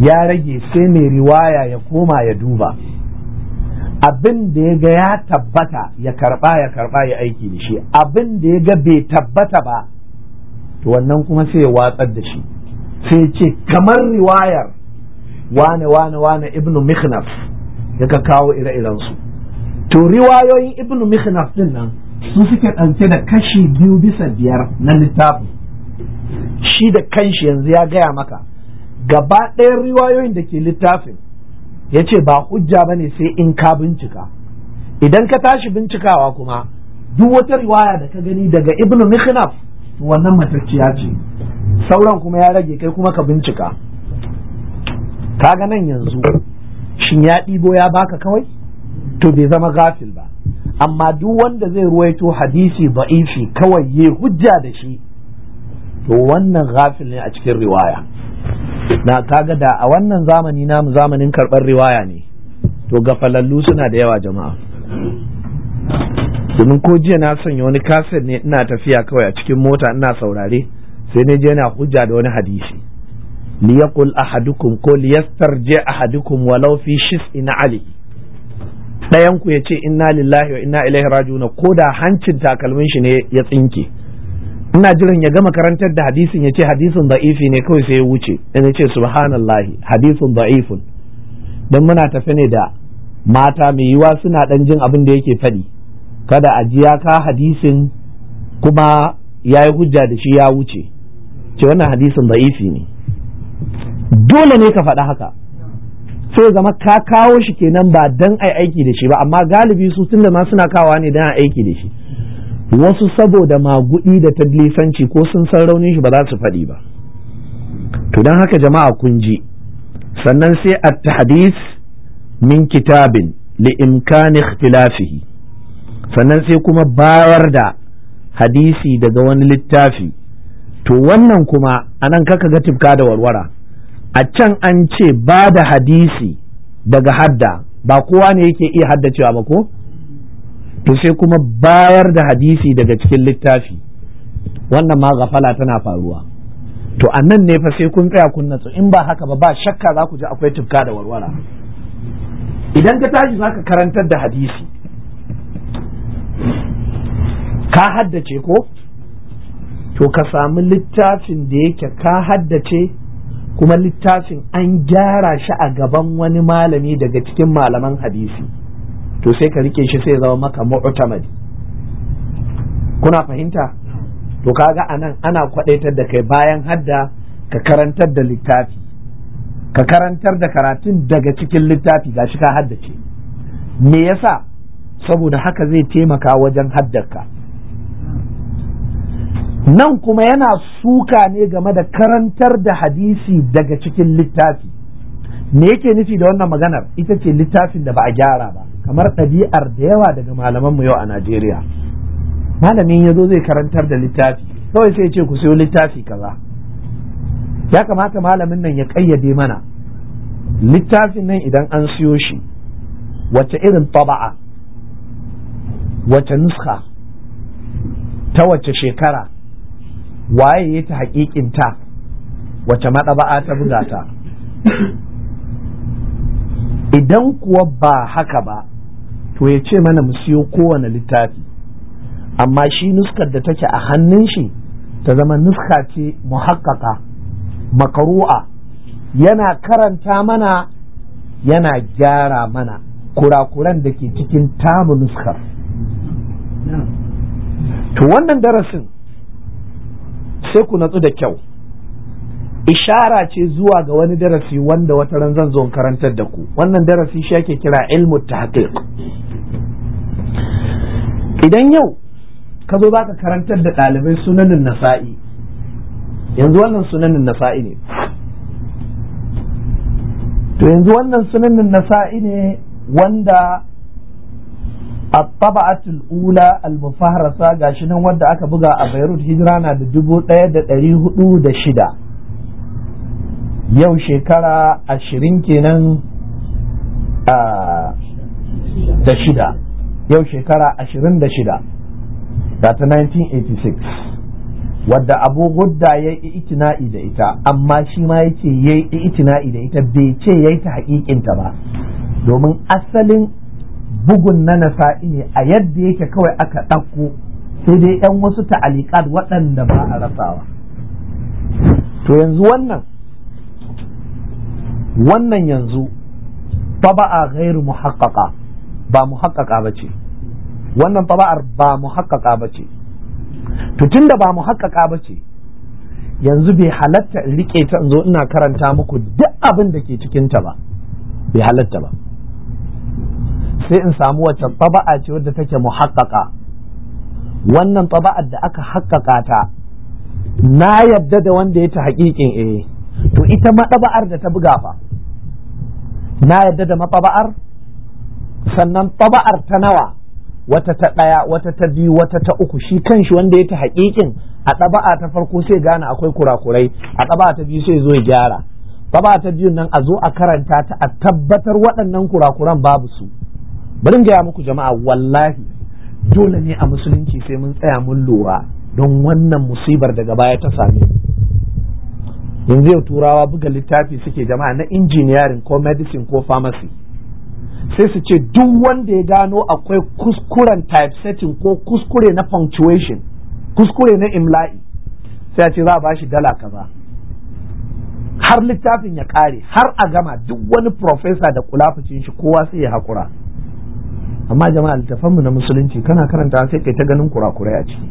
ya rage sai mai riwaya ya koma ya duba abin da ya ga ya tabbata ya karba ya karba ya aiki da shi abin da ya ga bai tabbata ba to wannan kuma sai ya watsar da shi sai ce kamar riwayar wane wane wane ibnu mihnaf ya kawo ire-irensu to riwayoyin ibnu mihnaf din nan su suke ɗauke da kashi biyu bisa biyar na littafin shi da kanshi yanzu ya gaya maka gaba ɗayan riwayoyin da ke littafin ya ce ba hujja ba ne sai in ka bincika idan ka tashi bincikawa kuma duk wata riwaya da ka gani daga ibnu mihnaf wannan matacciya ce sauran kuma ya rage kai kuma ka bincika kaga nan yanzu shin ya ɗibo ya baka kawai to bai zama gafil ba amma duk wanda zai ruwaito hadisi ba'ifi kawai ya hujja da shi to wannan gafil ne a cikin riwaya na kaga da a wannan zamani namu zamanin karɓar riwaya ne to gafalallu suna da yawa jama'a domin ko jiya na sanya wani kaset ne ina tafiya kawai a cikin mota ina saurare sai ne je na hujja da wani hadisi yaqul ahadukum ko yastarji ahadukum walau fi shis ali ɗayan ku yace inna lillahi wa inna ilaihi raji'un ko da hancin takalmin shi ne ya tsinke ina jiran ya gama karantar da hadisin yace hadisin da'ifi ne kawai sai ya wuce dan yace subhanallahi hadisin da'ifun dan muna tafe ne da mata mai yiwa suna dan jin abin da yake faɗi kada a ji ya ka hadisin kuma ya yi hujja da shi ya wuce ce wannan hadisin da'ifi ne dole ne ka faɗi haka sai zama ka kawo shi kenan ba dan ai aiki da shi ba amma galibi su tunda ma suna kawa ne dan aiki da shi wasu saboda magudi da tadlisanci ko sun san raunin shi ba za su faɗi ba to don haka jama'a kun ji sannan sai at hadis min kitabin li imkani ikhtilafihi sannan sai kuma bayar da hadisi daga wani littafi to wannan kuma anan kaka ga tifka da warwara a can an ce ba da hadisi daga hadda ba kowa ne yake iya haddacewa ba ko to sai kuma bayar da hadisi daga cikin littafi wannan ma gafala tana faruwa to annan ne fa sai kun tsaya kun natsu in ba haka ba ba shakka za ku ji akwai tifka da warwara idan ka tashi ka karantar da hadisi ka haddace ko to ka samu littafin da yake ka haddace kuma littafin an gyara shi a gaban wani malami daga cikin malaman hadisi to sai ka rike shi sai zama maka mu'tamadi kuna fahimta to kaga anan ana kwadaitar da kai bayan hadda ka karantar da littafi ka karantar da karatun daga cikin littafi gashi ka haddace me yasa saboda haka zai taimaka wajen haddaka nan kuma yana suka ne game da karantar da hadisi daga cikin littafi me yake nufi da wannan maganar ita ce littafin da ba a gyara ba kamar ɗabi'ar da yawa daga malaman mu yau a najeriya malamin ya zo zai karantar da littafi kawai sai ce ku siyo littafi kaza ya kamata malamin nan ya ƙayyade mana littafin nan idan an siyo shi wace irin taba'a wace nuska ta wace shekara waye ya ta haƙiƙinta wace maɗaba'a ta buga ta idan kuwa ba haka ba to ya ce mana mu siyo kowane littafi amma shi nuskar da take a hannun shi ta zama nuska ce mu muhakkaka makaru'a yana karanta mana yana gyara mana kurakuran da ke cikin tamu nuskar to wannan darasin sai ku natsu da kyau ishara ce zuwa ga wani darasi wanda wata ran zan zo karantar da ku wannan darasi shi ake kira ilmu tahqiq idan yau ka zo baka karantar da ɗalibai sunanin nasa'i yanzu wannan sunanin nasa'i ne to yanzu wannan sunanin nasa'i ne wanda at ula al-mufahrasa gashi nan wadda aka buga a Beirut hijira na da dubu ɗaya da ɗari huɗu da shida yau shekara ashirin kenan da shida yau shekara ashirin da shida 1986 wadda abu gudda ya yi itina'i da ita amma shi ma yake ya yi itina'i da ita bai ce ya yi ta haƙiƙinta ba domin asalin bugun na nasa'i ne a yadda yake kawai aka ɗauko sai dai ‘yan wasu ta'alikat waɗanda ba a rasawa to yanzu wannan wannan yanzu gairu mu haƙaƙa ba ba bace wannan taba'ar ba ba bace to da ba ba bace yanzu bai halatta in rike ta in zo ina karanta muku duk abin da ke cikinta ba bai halatta ba sai in samu wacce taba'a ce wadda take muhaqqaqa wannan taba'ar da aka haƙƙaƙa ta na yadda da wanda ya ta haƙiƙin eh to ita maɗaba'ar da ta buga fa na yadda da mataba'ar sannan taba'ar ta nawa wata ta ɗaya wata ta biyu wata ta uku shi kanshi wanda ya ta haƙiƙin a ɗaba'a ta farko sai gane akwai kurakurai a ɗaba'a ta biyu sai zo ya gyara taba'a ta biyun nan a zo a karanta ta a tabbatar waɗannan kurakuran babu su bari gaya muku jama'a wallahi dole ne a musulunci sai mun tsaya mun lura don wannan musibar daga baya ta same mu yanzu yau turawa buga littafi suke jama'a na injiniyarin ko medicine ko pharmacy sai su ce duk wanda ya gano akwai kuskuren typesetting ko kuskure na punctuation kuskure na imla'i sai a ce za a bashi dala kaza har littafin ya kare har a gama duk wani profesa da kulafucin shi kowa sai ya haƙura amma jama'a littafanmu na musulunci kana karanta sai kai ta ganin kurakurai a ciki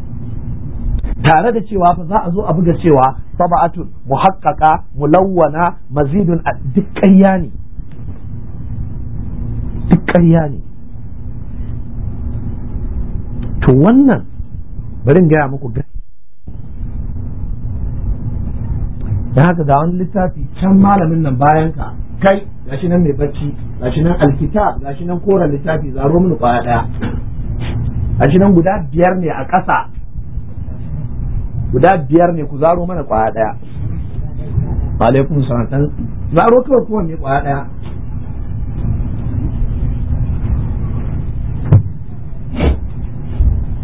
tare da cewa fa za a zo a buga cewa sab'atun muhaqqaqa mulawwana mazidun duk ƙarya ne duk ƙarya ne to wannan bari in gaya muku gaskiya da haka ga wani littafi can malamin nan bayan ka kai gashi nan mai bacci gashi nan alkita gashi nan koren littafi zaro mini kwaya daya gashi nan guda biyar ne a ƙasa guda biyar ne ku zaro mana kwaya daya alaikum salam dan zaro kawai kowanne kwaya daya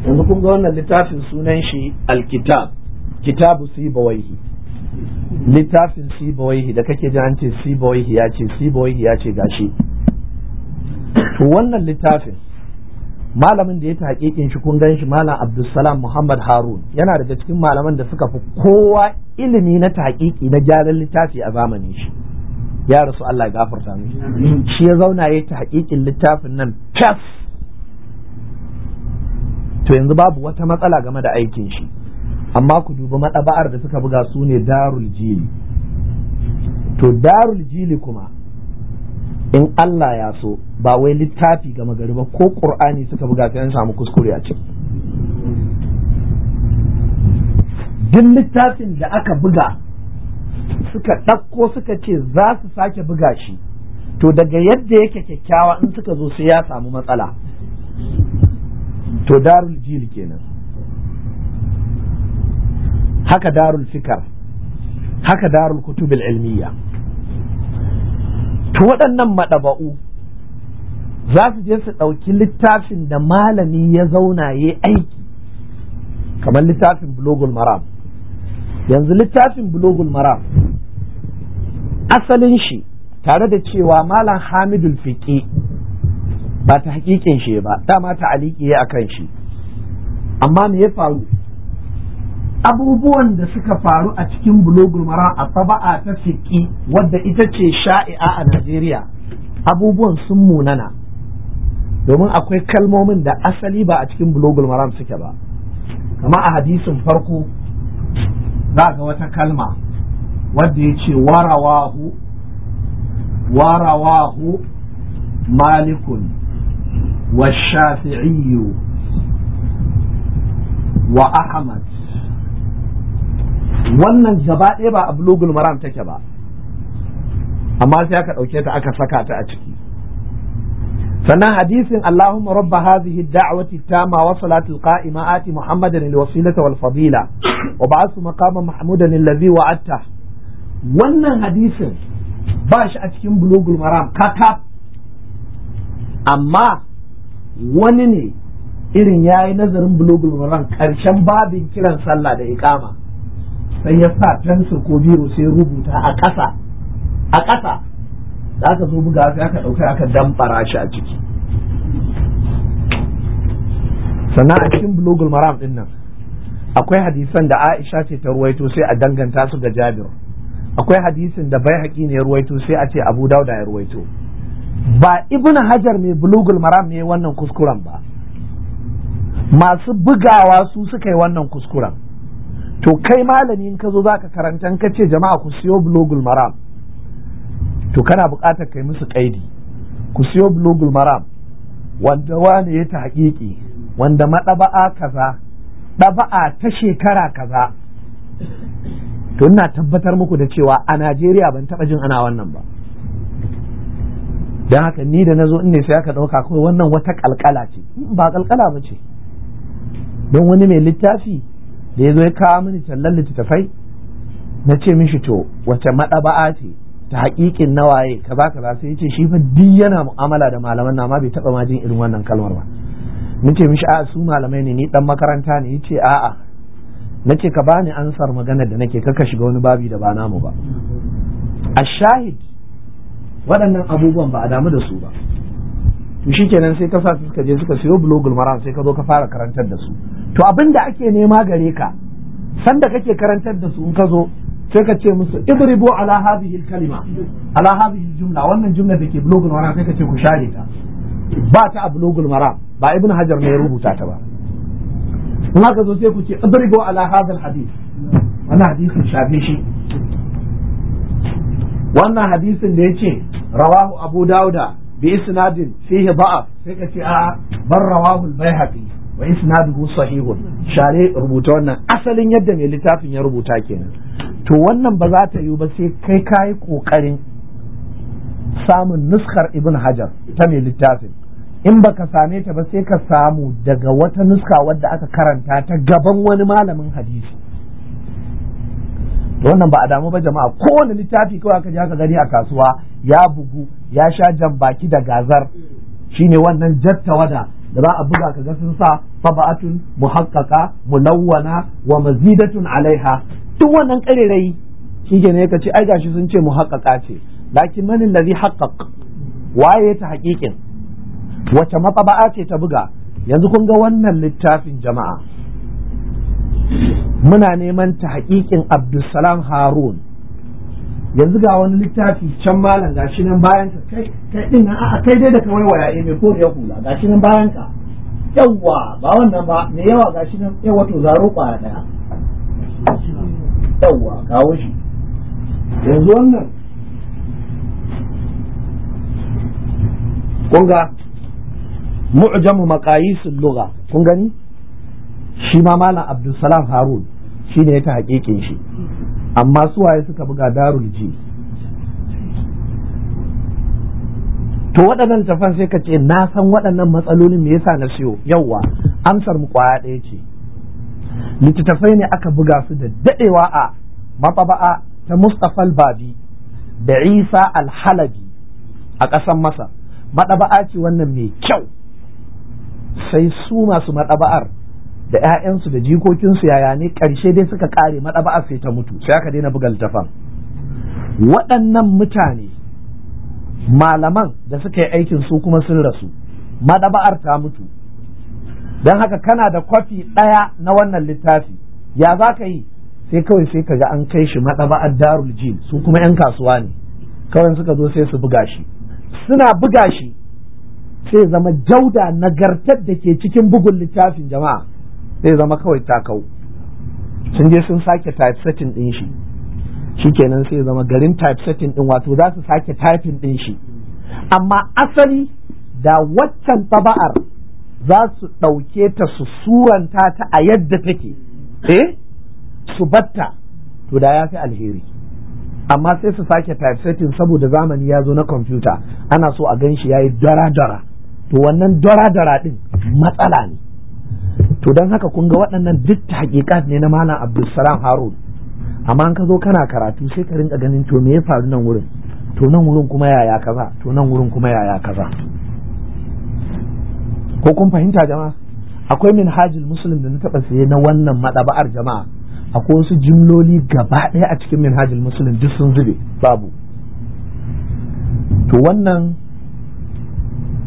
yanzu kun ga wannan littafin sunan shi alkitab kitabu sibawaihi littafin siboyi da kake ji an ce siboyi ya ce siboyi ya ce gashi to wannan littafin malamin da ya taƙiƙin shi kun gan shi malam abdulsalam muhammad harun yana daga cikin malaman da suka fi kowa ilimi na taƙiƙi na gyaran littafi a zamanin shi ya rasu allah gafarta mishi shi ya zauna ya taƙiƙin littafin nan tas to yanzu babu wata matsala game da aikin shi amma ku duba maɗaba'ar da suka buga su ne darul jili to darul jili kuma in Allah ya so ba wai littafi gama gari ba ko ƙur'ani suka buga sai an samu kuskure a cikin. duk littafin da aka buga suka ɗakko suka ce za su sake buga shi to daga yadda yake kyakkyawa in suka zo sai ya samu matsala to darul jili kenan haka darul fikar haka darul kutubul ilmiya to waɗannan maɗaba'u za su je su ɗauki littafin da malami ya zauna ya aiki kamar littafin bulogul maram yanzu littafin bulogul maram asalin shi tare da cewa malam hamidul fiƙi ba ta hakikin shi ba dama ta aliki ya akan shi amma me ya faru abubuwan da suka faru a cikin bulogul mara a taba'a ta fiƙi wadda ita ce sha'i'a a Najeriya abubuwan sun munana domin akwai kalmomin da asali ba a cikin bulogul mara suke ba kama a hadisin farko za ga wata kalma wadda ya ce warawahu warawahu malikun wa shafi'iyu wa ahmad wannan gaba ɗaya ba a bulugul maram take ba amma sai aka ɗauke ta aka saka ta a ciki sannan hadisin Allahumma rabba hadhihi da'wati tama wa salatul qa'ima ati Muhammadan lil wasilata wal fadila wa ba'athu maqama mahmudan alladhi wa'atta wannan hadisin ba shi a cikin bulugul maram kaka amma wani ne irin yayi nazarin bulugul maram karshen babin kiran sallah da iqama sai ya sa fensir ko biro sai rubuta a ƙasa a ƙasa za ka zo buga sai aka ɗauka aka damfara shi a ciki sannan a cikin blogul maram ɗin nan akwai hadisan da Aisha ce ta ruwaito sai a danganta su ga Jabir akwai hadisin da bai haƙi ne ruwaito sai a ce Abu dauda ya ruwaito ba Ibn Hajar mai blogul Maram ne wannan kuskuren ba masu bugawa su suka yi wannan kuskuren to kai malami in ka zo za ka karantan ka ce jama'a ku siyo blogul maram to kana buƙatar kai musu ƙaidi ku siyo blogul maram wanda wani ya ta haƙiƙi wanda maɗaba'a kaza ɗaba'a ta shekara kaza to ina tabbatar muku da cewa a Najeriya ban taɓa jin ana wannan ba don haka ni da na zo ne sai aka ɗauka kawai wannan wata ƙalƙala ce ba ƙalƙala ba ce don wani mai littafi da ya zo ya kawo mini tallan littattafai na ce mishi to wace maɗaba'a ce ta haƙiƙin nawaye kaza kaza sai yace ce shi fa duk yana mu'amala da malaman na ma bai taɓa ma jin irin wannan kalmar ba na ce mishi a'a su malamai ne ni dan makaranta ne ya ce a'a na ce ka bani ansar magana da nake ka shiga wani babi da ba namu ba a shahid waɗannan abubuwan ba a damu da su ba to shikenan sai ka sa suka je suka siyo blogul mara sai ka zo ka fara karantar da su to abin da ake nema gare ka sanda kake karantar da su in ka zo sai ka ce musu ibribu ala hadhihi kalima ala hadhihi jumla wannan jumla da ke blogul mara sai ka ce ku share ta ba ta a blogul mara ba ibn hajar ne ya rubuta ta ba in haka zo sai ku ce ibribu ala hadhal hadith wannan hadisin shafe shi wannan hadisin da ya rawahu abu dauda bi isnadin fihi da'af sai ka ce a bar rawahu al-baihaqi wa isnaduhu sahihun share rubuta wannan asalin yadda mai littafin ya rubuta kenan to wannan ba za ta yiwu ba sai kai kayi kokarin samun nuskar ibn hajar ta mai littafin in baka same ta ba sai ka samu daga wata nuska wadda aka karanta ta gaban wani malamin hadisi wannan ba a damu ba jama'a kowane littafi kawai aka je aka gani a kasuwa ya bugu ya sha jan baki da gazar shine wannan jattawada da za a buga ka ga sun sa tab'atun muhaqqaqa mulawwana wa mazidatun alaiha duk wannan karerai shige ne ka ce ai gashi sun ce muhaqqaqa ce lakin man allazi haqqaq waye ta haƙiƙin wace maɓaba'a ce ta buga yanzu kun ga wannan littafin jama'a muna neman ta haƙiƙin abdulsalam harun yanzu ga wani littafi can malam gashi nan bayan ka kai kai din a kai dai da ka waiwaya eh, mai ko ya kula gashi nan bayan ka Yawa ba wannan ba me yawa gashi nan yawa eh, to zaro kwara daya Yawa kawo shi yanzu wannan kun ga mu'jamu maqayisul lugha kun gani shi ma malam abdulsalam harun shine ta hakikin shi amma su waye suka buga darul ji to waɗannan tafan sai ka ce na san waɗannan matsalolin me yasa na siyo yauwa amsar mu kwaya ɗaya ce littattafai ne aka buga su da daɗewa a mafaba'a ta Mustapha Babi da Isa Alhalabi a ƙasar Masar maɗaba'a ce wannan mai kyau sai su masu maɗaba'ar da ƴaƴansu da jikokinsu yaya ne ƙarshe dai suka ƙare maɗaba'ar sai ta mutu sai aka daina buga littafan waɗannan mutane malaman da suka yi aikin su kuma sun rasu maɗaba'ar ta mutu don haka kana da kwafi ɗaya na wannan littafi ya za ka yi sai kawai sai ka ga an kai shi maɗaba'ar darul jin su kuma 'yan kasuwa ne kawai suka zo sai su buga shi suna buga shi sai zama jauda nagartar da ke cikin bugun littafin jama'a zai zama kawai takau sun je sun sake typesetting din shi shikenan sai zama garin typesetting din wato za su sake typing din shi amma asali da waccan taba'ar za su ɗauke ta su suranta ta a yadda take eh su batta to da ya fi alheri amma sai su sake typesetting saboda zamani ya zo na kwamfuta ana so a gan shi ya yi dara-dara to wannan dara-dara din matsala ne to don haka kun ga waɗannan duk hakikat ne na malam abdulsalam harun amma an ka zo kana karatu sai ka rinka ganin to me ya faru nan wurin to nan wurin kuma yaya kaza to nan wurin kuma yaya kaza ko kun fahimta jama'a akwai hajjil musulun da na taɓa saye na wannan maɗaba'ar jama'a akwai wasu jimloli gaba ɗaya a cikin hajjil musulun duk sun zube babu to wannan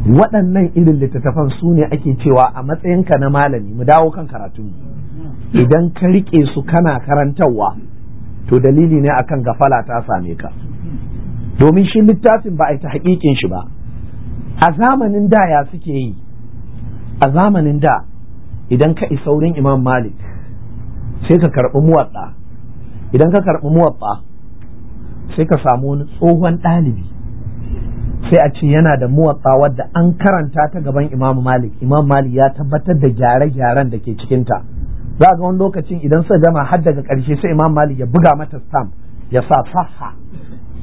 waɗannan irin littattafan su ne ake cewa a matsayinka na malami mu dawo kan karatun idan ka riƙe su kana karantarwa to dalili ne akan gafala ta same ka domin shi littafin ba a yi ta haƙiƙin shi ba a zamanin da ya suke yi a zamanin da idan ka isa wurin imam malik sai ka karɓi muwatsa idan ka karɓi muwatsa sai ka samu wani tsohon ɗalibi sai a ce yana da muwatsa wadda an karanta ta gaban imam malik imam malik ya tabbatar da gyare-gyaren da ke cikinta za ga wani lokacin idan suka gama har daga ƙarshe sai imam malik ya buga mata stamp ya sa fasa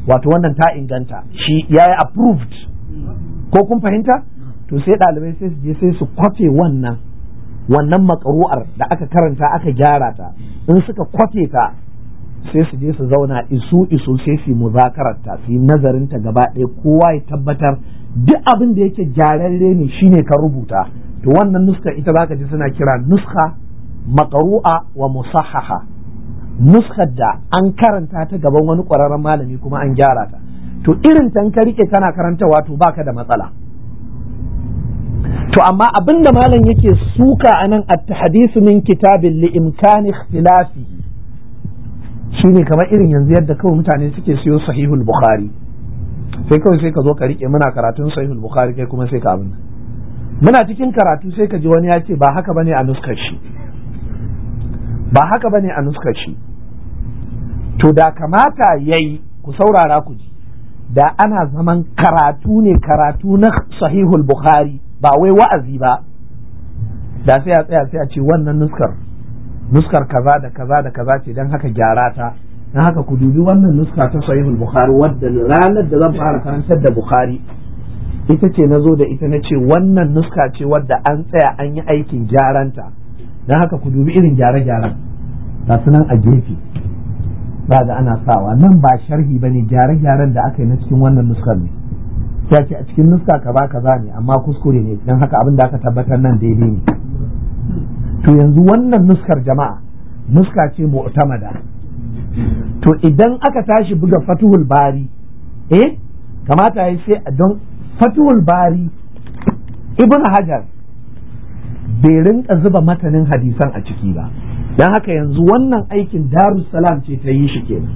wato wannan ta inganta shi ya yi approved ko kun fahimta to sai ɗalibai sai su je sai su kwafe wannan wannan makaru'ar da aka karanta aka gyara ta in suka kwafe ta sai su je su zauna isu isu sai su muzakarar ta su yi nazarin ta gaba ɗaya kowa ya tabbatar duk abin da yake gyararre ne shine ka rubuta to wannan nuska ita zaka ji suna kira nuska makaru'a wa musahaha nuskar da an karanta ta gaban wani ƙwararren malami kuma an gyara ta to irin tan ka rike kana karantawa to baka da matsala to amma abinda malam yake suka anan at-tahdith min kitabin li imkani ikhtilafi shine kamar irin yanzu yadda kawai mutane suke siyo sahihul bukhari sai kawai sai ka zo ka rike muna karatun sahihul bukhari kai kuma sai ka abin muna cikin karatu sai ka ji wani ya ce ba haka bane a nuskar shi ba haka bane a nuskar shi to da kamata yayi ku saurara ku ji da ana zaman karatu ne karatu na sahihul bukhari ba wai wa'azi ba da sai a tsaya sai a ce wannan nuskar nuskar kaza da kaza da kaza ce don haka gyara ta don haka ku dubi wannan nuska ta sahihul bukhari wadda ranar da zan fara karantar da bukhari ita ce na zo da ita na ce wannan nuska ce wadda an tsaya an yi aikin gyaranta don haka ku dubi irin gyare-gyaren ga su nan a gefe ba da ana sawa nan ba sharhi ba ne gyare-gyaren da aka yi na cikin wannan nuskar ne ta ce a cikin nuska kaza kaza ne amma kuskure ne don haka abin da aka tabbatar nan daidai ne to yanzu wannan nuskar jama'a nuska ce mu'tamada to idan aka tashi buga fatuhul bari eh kamata ya sai a don fatuhul bari ibn hajar bai rinka zuba matanin hadisan a ciki ba don haka yanzu wannan aikin salam ce ta yi shi kenan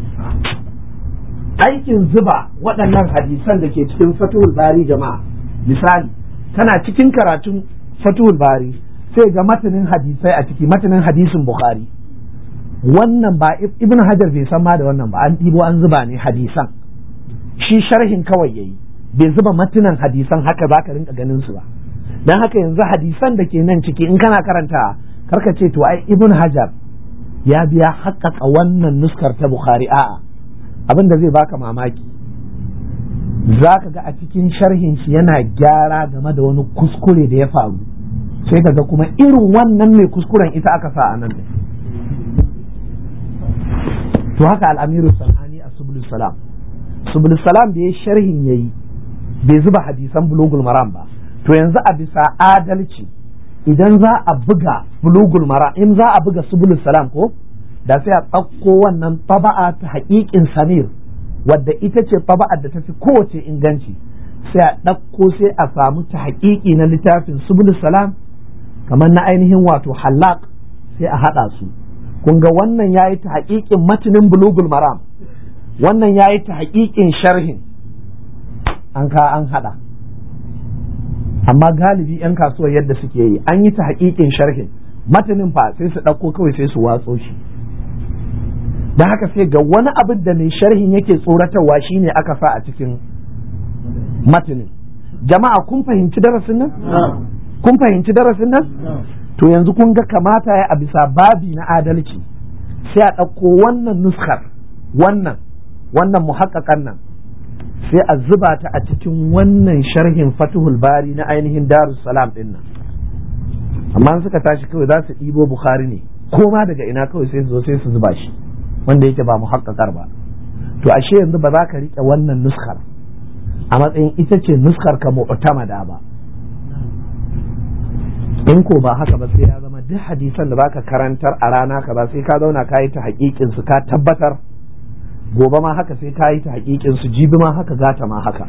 aikin zuba waɗannan hadisan da ke cikin fatuhul bari jama'a misali tana cikin karatun fatuhul bari sai ga matanin hadisai a ciki matanin hadisin bukhari wannan ba ibn hajar bai san ma da wannan ba an ɗibo an zuba ne hadisan shi sharhin kawai yayi bai zuba matanin hadisan haka ba ka rinka ganin su ba dan haka yanzu hadisan da ke nan ciki in kana karanta karka ce to ai ibn hajar ya biya haƙƙaƙa wannan nuskar ta bukhari a'a abin da zai baka mamaki za ka ga a cikin sharhin shi yana gyara game da wani kuskure da ya faru sai kaga kuma irin wannan mai kuskuren ita aka sa a nan to haka al'amiru sanani a Subulu salam subul salam da ya sharhin yayi bai zuba hadisan bulugul maram ba to yanzu a bisa adalci idan za a buga bulugul maram in za a buga subul salam ko da sai a ɗauko wannan taba'a ta haƙiƙin samir wadda ita ce taba'a da ta fi kowace inganci sai a ɗauko sai a samu ta haƙiƙi na littafin subul salam kamar na ainihin wato halak sai a haɗa su kun ga wannan ya yi ta haƙiƙin matinin bulugul maram wannan ya yi ta haƙiƙin sharhin an ka an haɗa amma galibi 'yan kasuwar yadda suke yi an yi ta haƙiƙin sharhin matinin fa sai su ɗauko kawai sai su watso shi da haka sai ga wani abin da mai sharhin yake tsoratarwa ne aka sa a cikin matinin jama'a kun fahimci darasin nan kun fahimci darasin nan to yanzu kun ga kamata ya a bisa babi na adalci sai a ɗauko wannan nuskar wannan wannan muhaƙaƙan nan sai a zuba ta a cikin wannan sharhin fatuhul bari na ainihin darus salam ɗin nan amma suka tashi kawai za su ɗibo bukhari ne koma daga ina kawai sai su zo sai su zuba shi wanda yake ba muhaƙaƙar ba to ashe yanzu ba za ka riƙe wannan nuskar a matsayin ita ce nuskar ka mu'tamada ba in ko ba haka ba sai ya zama duk hadisan da baka karantar a rana ka ba sai ka zauna ka yi ta haƙiƙin su ka tabbatar gobe ma haka sai ka yi ta hakikin su jibi ma haka gata ma haka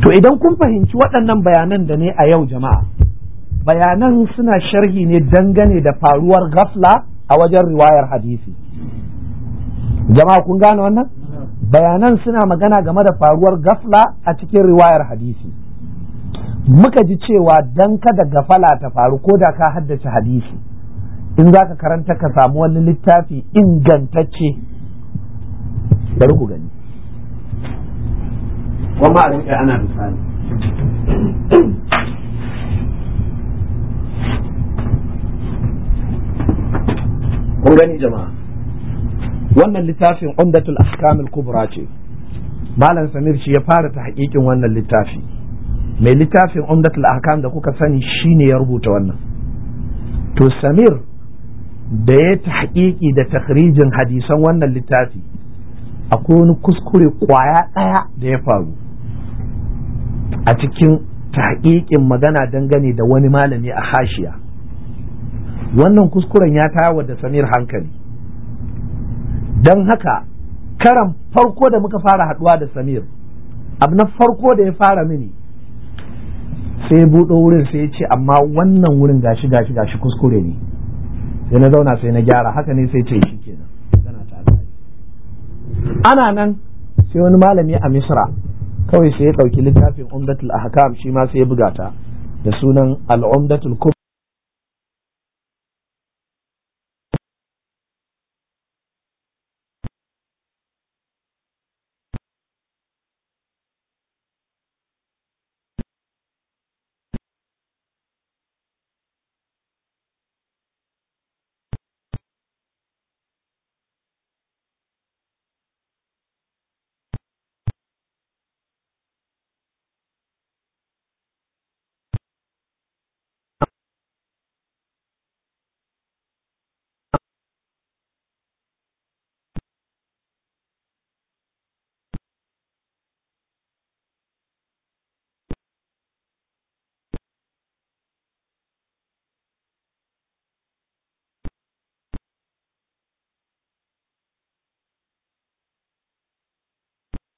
to idan kun fahimci waɗannan bayanan da ne a yau jama'a bayanan suna sharhi ne dangane da faruwar gafla a wajen riwayar hadisi jama'a kun gane wannan bayanan suna magana game da faruwar gafla a cikin riwayar hadisi muka ji cewa dan kada gafala ta faru ko da ka haddace hadisi in za ka karanta ka samu wani littafi ingantacce bari ku gani kuma a rinka ana misali kun gani jama'a wannan littafin ondatul ahkamul kubra ce malam samir shi ya fara ta hakikin wannan littafi mai littafin umdatul ahkam da kuka sani shine ya rubuta wannan to samir da ya tahqiqi da takhrijin hadisan wannan littafi akwai wani kuskure kwaya ɗaya da ya faru a cikin tahqiqin magana dangane da wani malami a hashiya wannan kuskuren ya tawo da samir hankali don haka karan farko da muka fara haduwa da samir abu na farko da ya fara mini sai buɗo wurin sai ya ce amma wannan wurin gashi gashi gashi kuskure ne sai na zauna sai na gyara haka ne sai ce shi kenan magana ta ana nan sai wani malami a misra kawai sai ya ɗauki littafin umdatul ahkam shi ma sai ya buga ta da sunan al-umdatul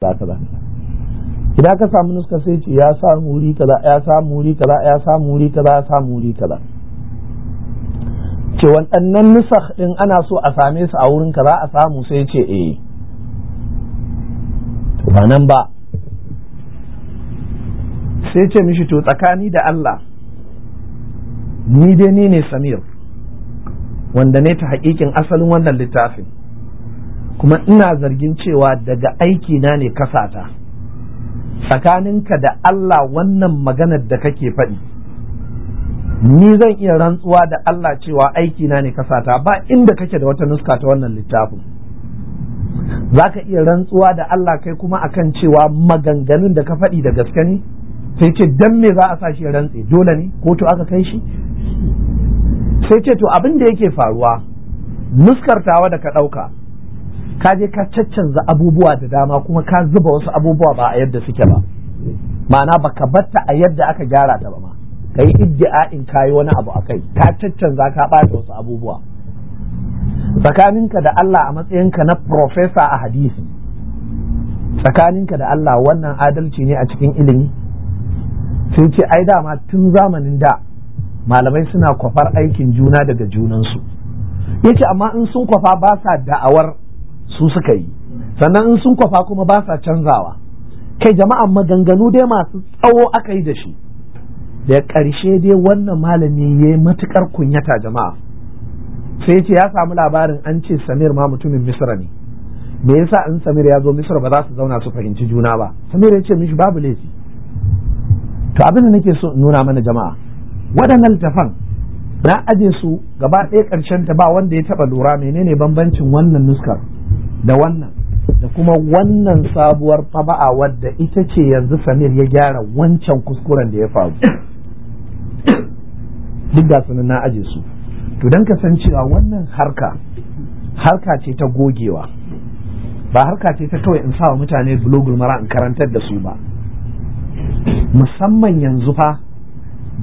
kaza idan ka samu nuska sai ce ya samu wuri kaza ya samu wuri kaza ya samu wuri kaza ya samu wuri kaza ce waɗannan nusakh din ana so a same su a wurin kaza a samu sai ce eh ba nan ba sai ce mishi to tsakani da Allah ni dai ni ne Samir wanda ne ta hakikin asalin wannan littafin kuma ina zargin cewa daga aiki na ne kasata tsakaninka da Allah wannan maganar da kake faɗi ni zan iya rantsuwa da Allah cewa aiki na ne kasata ba inda kake da wata nuska ta wannan littafin za ka iya rantsuwa da Allah kai kuma akan cewa maganganun da ka faɗi da gaske ne sai ce dan me za a sa shi rantse dole ne ko to aka kai shi sai ce to abin da yake faruwa nuskartawa da ka ɗauka ka je ka caccanza abubuwa da dama kuma ka zuba wasu abubuwa ba a yadda suke ba ma'ana ka batta a yadda aka gyara ta ba ma ka yi iddia in ka yi wani abu a kai ka caccanza ka ɓata wasu abubuwa tsakaninka da Allah a matsayinka na profesa a hadisi tsakaninka da Allah wannan adalci ne a cikin ilimi sai ce ai dama tun zamanin da malamai suna kwafar aikin juna daga junansu yace amma in sun kwafa ba sa da'awar su suka yi sannan in sun kwafa kuma ba sa canzawa kai jama'a maganganu dai masu tsawo aka yi da shi da ƙarshe dai wannan malami ya yi matuƙar kunyata jama'a sai ce ya samu labarin an ce samir ma mutumin misra ne me yasa in samir ya zo misra ba za su zauna su fahimci juna ba samir ya ce mishi babu laifi to abinda da nake so in nuna mana jama'a waɗannan littafan na aje su gaba ɗaya ƙarshen ta ba wanda ya taɓa lura menene bambancin wannan nuskar da wannan da kuma wannan sabuwar taba'a wadda ita ce yanzu samir ya gyara wancan kuskuren da ya faru duk da sunan na aje su to don cewa wannan harka harka ce ta gogewa ba harka ce ta kawai in sawa mutane blogul mara in karantar da su ba musamman yanzu fa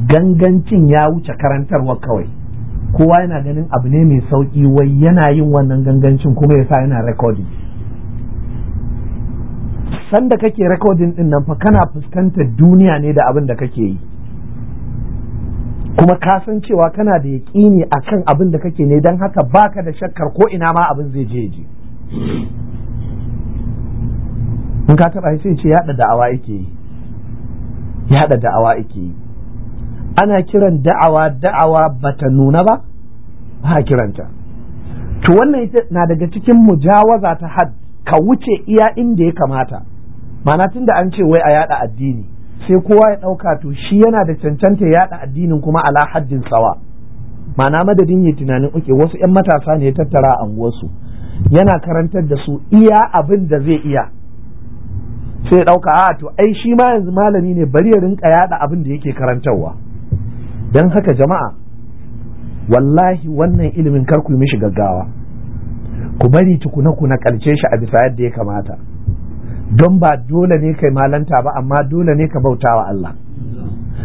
gangancin ya wuce karantarwa kawai kowa yana ganin abu ne mai sauki wai yana yin wannan gangancin kuma yasa yana recording sanda kake recording din nan fa kana fuskantar duniya ne da abin da kake yi kuma ka san cewa kana da yaƙini akan abin da kake ne don haka baka da shakkar ko ina ma abin zai je je in ka taɓa sai ce yaɗa da'awa yake yi yaɗa da'awa yake yi ana kiran da'awa da'awa bata nuna ba ba kiranta to wannan ita na daga cikin mujawaza ta had ka wuce iya inda ya kamata tun tunda an ce wai a yada addini sai kowa ya dauka to shi yana da cancanta yada addinin kuma ala haddin sawa mana madadin ya tunanin uke wasu 'yan matasa ne ya tattara a unguwarsu yana karantar da su iya abin da zai iya sai dauka a to ai shi ma yanzu malami ne bari ya rinka yada abin da yake karantarwa don haka jama'a wallahi wannan ilimin kar ku yi mishi gaggawa ku bari tukuna ku na karce shi a bisa yadda ya kamata don ba dole ne kai malanta ba amma dole ne ka bauta wa Allah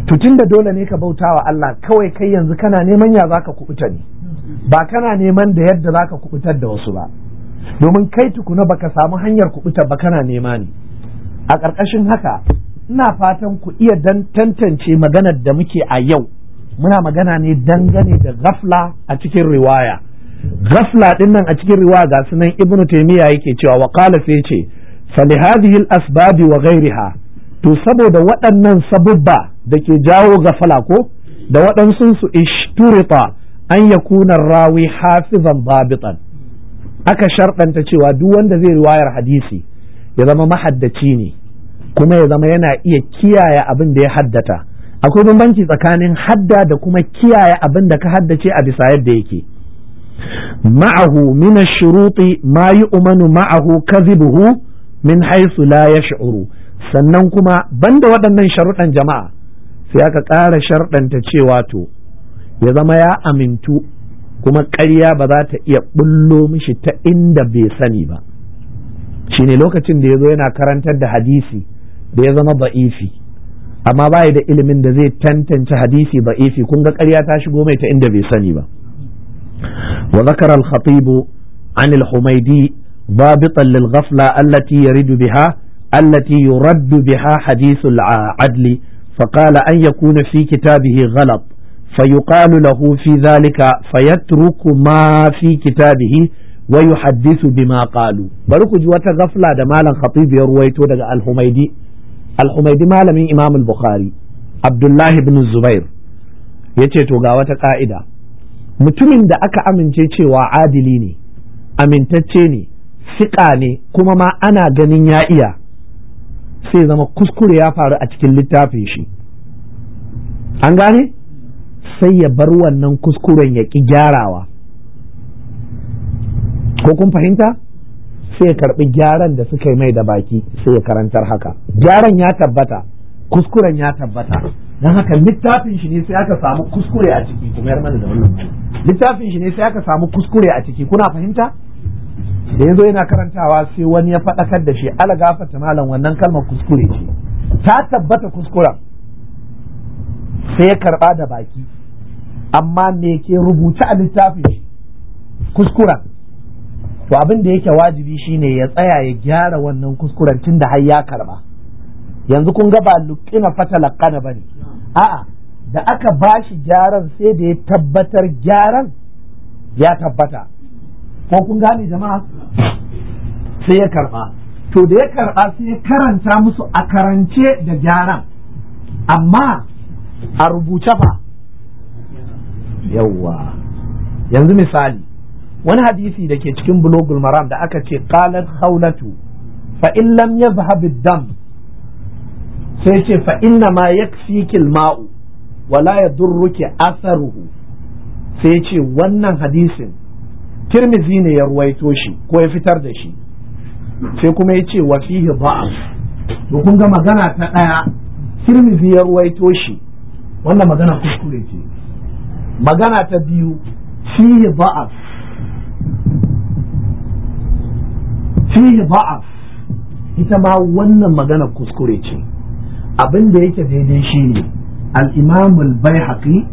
to da dole ne ka bauta wa Allah kawai kai yanzu kana neman ya za ka kubuta ne ba kana neman da yadda za ka kubutar da wasu ba domin kai tukuna ba ka samu hanyar kubuta ba kana nema ne a ƙarƙashin haka ina fatan ku iya dan tantance maganar da muke a yau muna magana ne dangane da gafla a cikin riwaya Gafla din nan a cikin riwaya ga sunan Ibn taymiya yake cewa wa qala sai ce falihadhihi al-asbab wa ghayriha to saboda waɗannan sabubba da ke jawo gafla ko da waɗansu su ishturita an yakuna rawi hafizan babitan aka sharɗanta cewa duk wanda zai riwayar hadisi ya zama mahaddaci ne kuma ya zama yana iya kiyaye abin da ya haddata akwai bambanci tsakanin hadda da kuma kiyaye abin da ka haddace a bisa yadda yake ma'ahu min shuruti ma yu'manu ma'ahu kadhibuhu min haisu la yash'uru sannan kuma banda waɗannan sharuɗan jama'a sai aka ƙara sharɗanta cewa to ya zama ya amintu kuma ƙarya ba za ta iya bullo mishi ta inda bai sani ba shine lokacin da ya zo yana karantar da hadisi da ya zama ba'ifi amma ba da ilimin da zai tantance hadisi ba isi kun ga ta shigo mai ta inda bai sani ba wa zakar al-khatib an al-humaydi babitan lil ghafla allati yaridu biha allati yuraddu biha hadith al-adl fa qala an fi kitabihi ghalat fa yuqalu lahu fi dhalika fayatruku ma fi kitabihi wa yuhaddithu bima qalu bari ku ji wata gafla da malam khatib ya ruwaito daga al al humaydi malamin imam al-bukhari abdullahi ibn zubair yace to ga wata ka'ida mutumin da aka amince cewa adili ne amintacce ne siƙa ne kuma ma ana ganin ya iya sai zama kuskure ya faru a cikin littafin shi an gane sai ya bar wannan kuskuren ya ƙi gyarawa ko kun fahimta sai ya karbi gyaran da suka yi mai da baki sai ya karantar haka gyaran ya tabbata kuskuren ya tabbata don haka littafin shi ne sai aka samu kuskure a ciki kuma yar mana da wannan littafin shi ne sai aka samu kuskure a ciki kuna fahimta da yanzu yana karantawa sai wani ya faɗakar da shi ala gafata malam wannan kalmar kuskure ce ta tabbata kuskuren sai ya karba da baki amma me ke rubuta a littafin shi kuskuren to abin da yake wajibi shine ya tsaya ya gyara wannan kuskuren tun da har ya karba yanzu kun ga ba luqina fatalaqana bane a'a da aka bashi gyaran sai da ya tabbatar gyaran ya tabbata ko kun gane jama'a sai ya karba to da ya karba sai ya karanta musu a karance da gyaran amma a rubuce fa yawwa yanzu misali wani hadisi da ke cikin bulogul maram da aka ce qalat khawlatu fa in lam yazhab dam sai ce fa inna ma yakfiki ma'u wa la yadurruki atharuhu sai ce wannan hadisin tirmizi ne ya ruwaito shi ko ya fitar da shi sai kuma ya ce wa fihi da'af to kun ga magana ta daya tirmizi ya ruwaito shi wannan magana kuskure ce magana ta biyu fihi da'af fihi ba'a ita ma wannan magana kuskure ce abinda yake daidai shine ne imam bai haƙi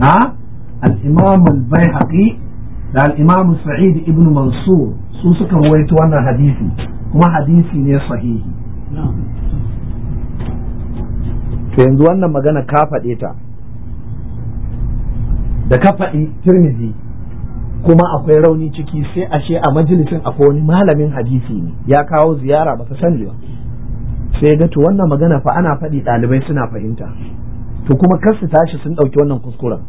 ha al bai haƙi da al-imam sa'id ibn mansur su suka rawaito wannan hadisi kuma hadisi ne sahihi to yanzu wannan magana ka faɗe ta da ka faɗi tirmidhi kuma akwai rauni ciki sai ashe a majalisin akwai wani malamin hadisi ne ya kawo ziyara ba ta sani ba sai ga to wannan magana fa ana faɗi ɗalibai suna fahimta to kuma kar su tashi sun ɗauki wannan kuskuren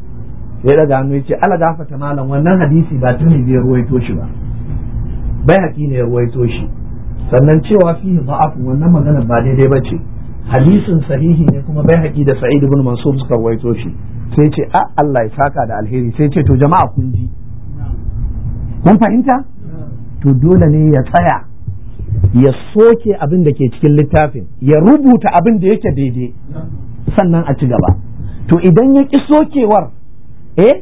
sai daga hannu yace ala gafata malam wannan hadisi ba tuni zai ruwaito shi ba bai haƙi ne ya ruwaito shi sannan cewa fihi da'af wannan magana ba daidai ba ce hadisin sahihi ne kuma bai haƙi da sa'id ibn mansur suka ruwaito shi sai ce a Allah ya saka da alheri sai ce to jama'a kun ji mun fahimta to dole ne ya tsaya ya soke abin da ke cikin littafin ya rubuta abin da yake daidai sannan a ci gaba to idan ya ki sokewar eh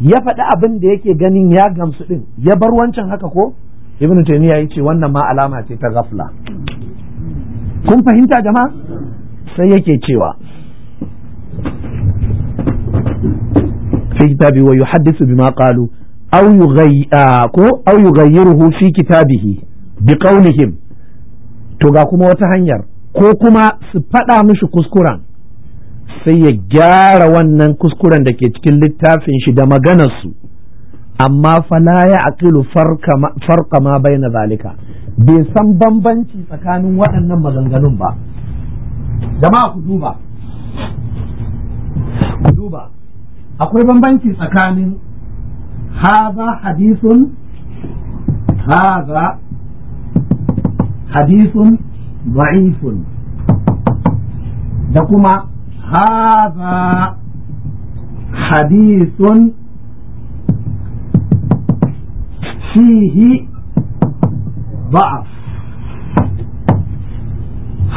ya faɗi abin da yake ganin ya gamsu ɗin ya bar wancan haka ko Ibn taymiya ya ce wannan ma alama ce ta gafla kun fahimta jama'a sai yake cewa fi kitabi wa yuhaddisu bima qalu au yughayyiruhu fi kitabihi bi qawlihim to ga kuma wata hanyar ko kuma su faɗa mishi kuskuren sai ya gyara wannan kuskuren da ke cikin littafin shi da maganarsu amma fala ya aqilu farka ma bai na zalika bai san bambanci tsakanin waɗannan maganganun ba jama'a ku duba ku duba akwai bambanci tsakanin هذا حديث هذا حديث ضعيف دكما هذا حديث فيه ضعف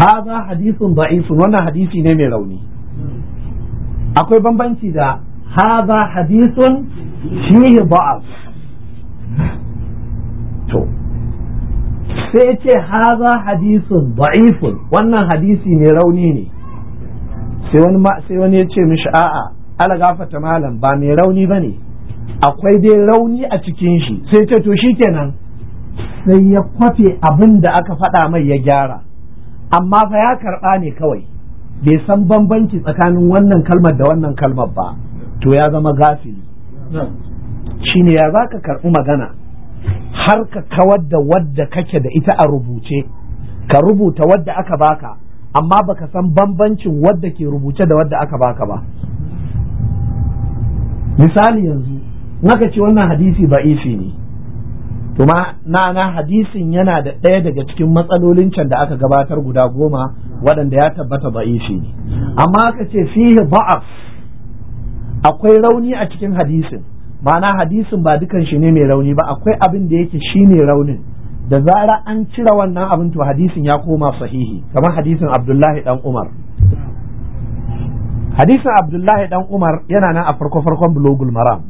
هذا حديث ضعيف وانا حديثي نمي روني اكوي bambanci ذا هذا حديث فيه ضعف to sai ce haza hadisin da'ifun wannan hadisi mai rauni ne sai wani ya ce mishi a'a ala gafata malam ba mai rauni ba akwai dai rauni a cikin shi sai ce to shikenan sai ya kwafe abin da aka faɗa mai ya gyara amma fa ya karɓa ne kawai bai san bambanci tsakanin wannan kalmar da wannan kalmar ba to ya zama gafili ne ya za ka karɓi magana har ka kawar da wadda kake da ita a rubuce ka rubuta wadda aka baka amma baka san bambancin wadda ke rubuce da wadda aka baka ba misali yanzu naka ce wannan hadisi ba'ifi ne kuma na na hadisin yana da ɗaya daga cikin matsalolin can da aka gabatar guda goma waɗanda ya tabbata ba'ifi ne amma aka ce fihi ba'af akwai rauni a cikin hadisin ma'ana hadisin ba dukan shi ne mai rauni ba akwai abin da yake shi ne raunin da zara an cire wannan abin to hadisin ya koma sahihi kamar hadisin abdullahi dan umar hadisin abdullahi dan umar yana nan a farko farkon bulogul maram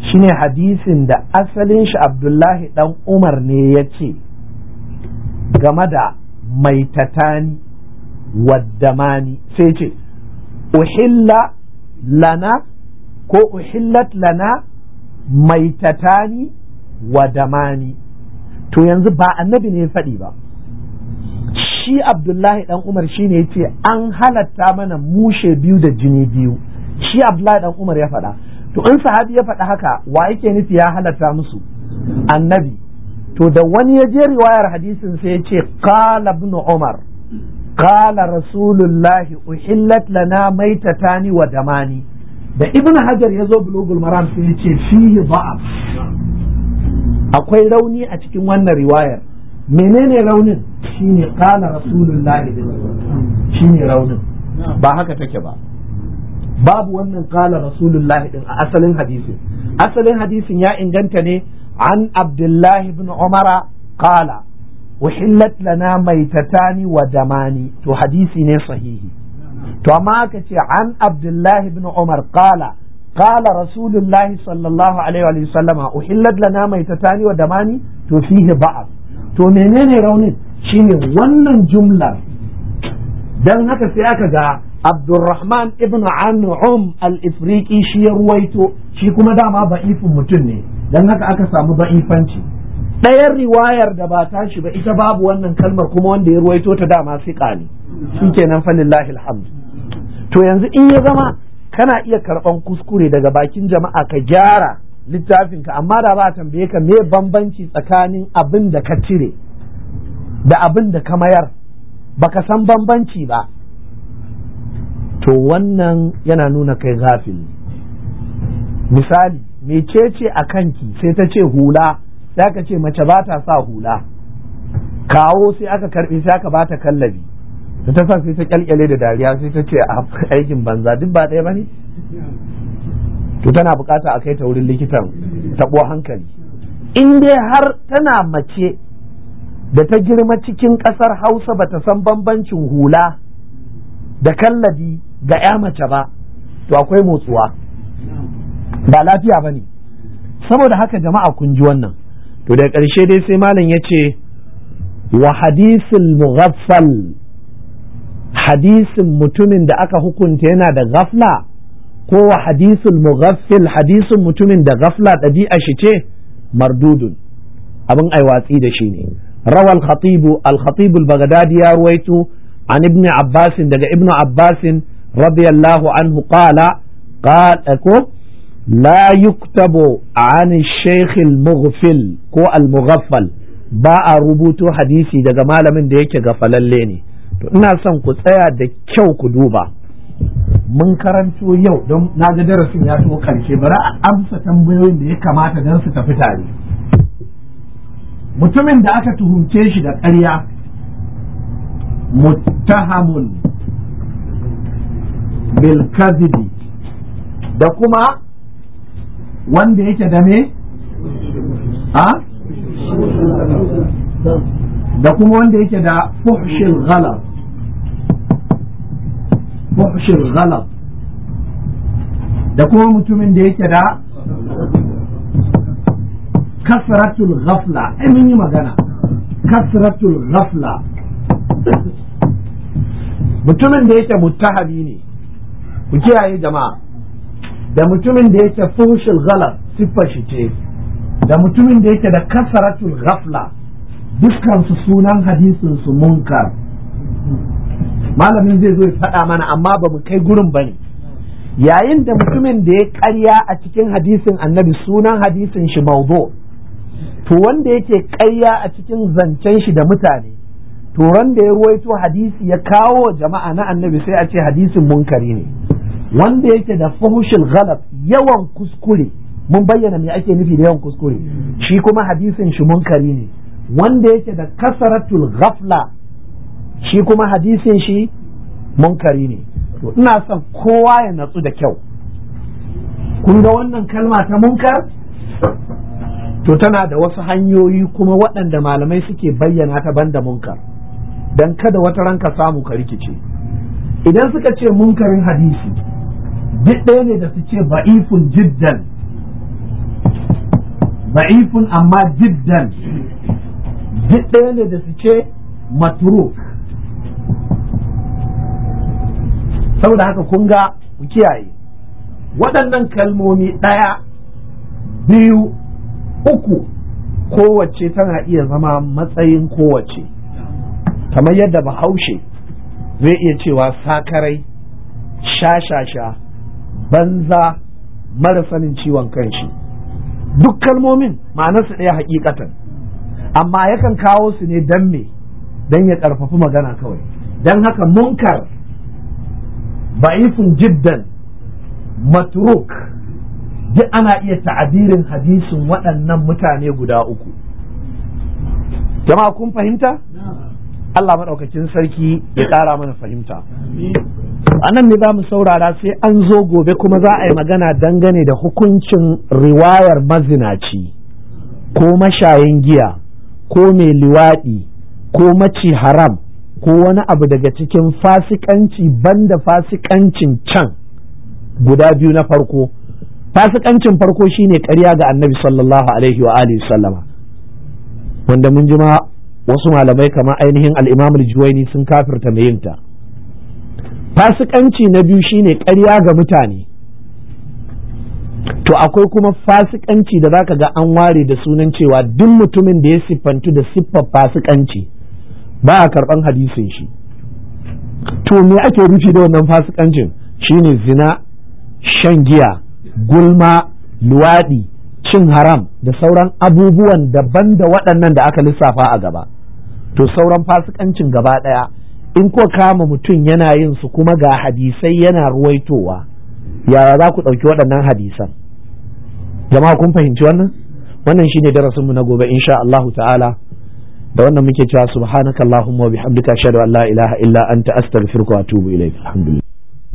Shi ne hadisin da asalin shi abdullahi dan umar ne ya ce game da mai tatani waddamani sai ce uhilla lana ko uhillat lana maitatani wa damani to yanzu ba annabi ne ya faɗi ba shi abdullahi dan umar shi ne ya ce an halatta mana mushe biyu da jini biyu shi abdullahi dan umar ya faɗa to in sahabi ya faɗa haka wa yake nufi ya halatta musu annabi to da wani ya je riwayar hadisin sai ya ce qala ibn umar qala rasulullahi uhillat lana maitatani wa damani da ibn hajar ya zo bulugul maram sai ya ce fihi ba'a. akwai rauni a cikin wannan riwayar menene raunin shine qala rasulullahi shine raunin ba haka take ba babu wannan qala rasulullahi din a asalin hadisin asalin hadisin ya inganta ne an abdullahi ibn umara qala uhillat lana maitatani wa damani to hadisi ne sahihi to amma aka ce an abdullahi ibn umar qala qala rasulullahi sallallahu alaihi wa sallama uhillat lana maitatani wa damani to fihi ba'd to menene raunin shine wannan jumlar dan haka sai aka ga Abdurrahman ibn An'um al-Ifriqi shi ya ruwaito shi kuma dama ba'ifin mutum ne dan haka aka samu ba'ifanci ɗayan riwayar da ba ta shi ba ita babu wannan kalmar kuma wanda ya ruwaito ta dama sai ne shi kenan falillahi alhamdu to yanzu in ya zama kana iya karɓan kuskure daga bakin jama'a ka gyara littafinka amma da ba a tambaye ka me bambanci tsakanin abin da ka cire da abin da ka mayar baka san bambanci ba to wannan yana nuna kai zafin misali mecece a kanki sai ta ce hula sai aka ce mace ba ta sa hula kawo sai aka karbi sai aka ta kallabi da ta sa sai ta kyalkyale da dariya sai ta ce a aikin banza duk ba ɗaya bane to tana bukata a kai ta wurin likitan tabo hankali in dai har tana mace da ta girma cikin ƙasar hausa ba ta san bambancin hula da kallabi ga ya mace ba to akwai motsuwa ba lafiya ba ne saboda haka jama'a kun ji wannan to da ƙarshe dai sai malam ya ce wa hadisul mughaffal hadisin mutumin da aka hukunta yana da ghafla ko wa hadisul mughaffil hadisin mutumin da ghafla ɗabi'a shi ce mardudun abin ai watsi da shi ne rawal khatibu al khatibul bagdadi ya ruwaito an ibn abbasin daga ibn abbasin radiyallahu anhu qala qala ko la yuktabu an shaykh al-mughfil ko al-mughaffal ba a rubuto hadisi daga malamin da yake falalle ne to ina son ku tsaya da kyau ku duba mun karanto yau don na ga darasin ya so karshe bari a amsa tambayoyin da ya kamata don su tafi tare mutumin da aka tuhumce shi da ƙarya muttahamun bil da kuma wanda yake da me a da kuma wanda yake da fuhshil ghalab fuhshil ghalab da kuma mutumin da yake da kasratul ghafla ai mun yi magana kasratul ghafla mutumin da yake mutahabi ne ku kiyaye jama'a da mutumin da yake fushul ghalat siffar shi ce da mutumin da yake da kasaratul ghafla dukkan su sunan hadisin su munkar malamin zai zo ya faɗa mana amma ba mu kai gurin ba ne yayin da mutumin da ya karya a cikin hadisin annabi sunan hadisin shi maudu to wanda yake karya a cikin zancen shi da mutane to da ya ruwaito hadisi ya kawo jama'a na annabi sai a ce hadisin munkari ne wanda yake da fahushin ghalab yawan kuskure mun bayyana me ake nufi da yawan kuskure shi kuma hadisin shi munkari ne wanda yake da kasaratul ghafla shi kuma hadisin shi munkari ne to ina son kowa ya natsu da kyau kun ga wannan kalma ta munkar to tana da wasu hanyoyi kuma waɗanda malamai suke bayyana ta banda munkar dan kada wata ranka samu ka rikice idan suka ce munkarin hadisi duk ɗaya ne da su ce ba'ifun jiddan ba'ifun amma jiddan duk ɗaya ne da su ce matruk saboda haka kun ga ku kiyaye waɗannan kalmomi ɗaya biyu uku kowace tana iya zama matsayin kowace kamar yadda bahaushe zai iya cewa sakarai shashasha banza mara sanin ciwon kanshi duk kalmomin ma'anarsu ɗaya hakikatan amma yakan kawo su ne dan me dan ya ƙarfafi magana kawai dan haka munkar ba'ifun jiddan matruk duk ana iya ta'abirin hadisin waɗannan mutane guda uku jama'a kun fahimta Allah maɗaukakin sarki ya ƙara mana fahimta a nan ne za mu saurara sai an zo gobe kuma za a yi magana dangane da hukuncin riwayar mazinaci ko mashayin giya ko mai liwaɗi ko maci haram ko wani abu daga cikin fasikanci da fasikancin can guda biyu na farko fasikancin farko shine ƙarya ga annabi sallallahu alaihi wa alihi wanda mun ji wasu malamai kamar ainihin al’imam imam sun kafirta mai yinta fasikanci na biyu shine ƙarya ga mutane to akwai kuma fasikanci da zaka ga an ware da sunan cewa duk mutumin da ya siffantu da siffar fasikanci ba a karɓan hadisin shi to me ake rufi da wannan fasikancin shine zina shan giya gulma luwaɗi cin haram da sauran abubuwan daban da waɗannan da aka lissafa a gaba to sauran fasikancin gaba ɗaya in ko kama mutum yana yin su kuma ga hadisai yana ruwaitowa yaya za ku ɗauki waɗannan hadisan jama'a kun fahimci wannan wannan shine darasinmu na gobe insha Allah, ta'ala da wannan muke cewa subhanakallahumma wa bihamdika ashhadu an la ilaha illa anta astaghfiruka wa atubu ilaik alhamdulillah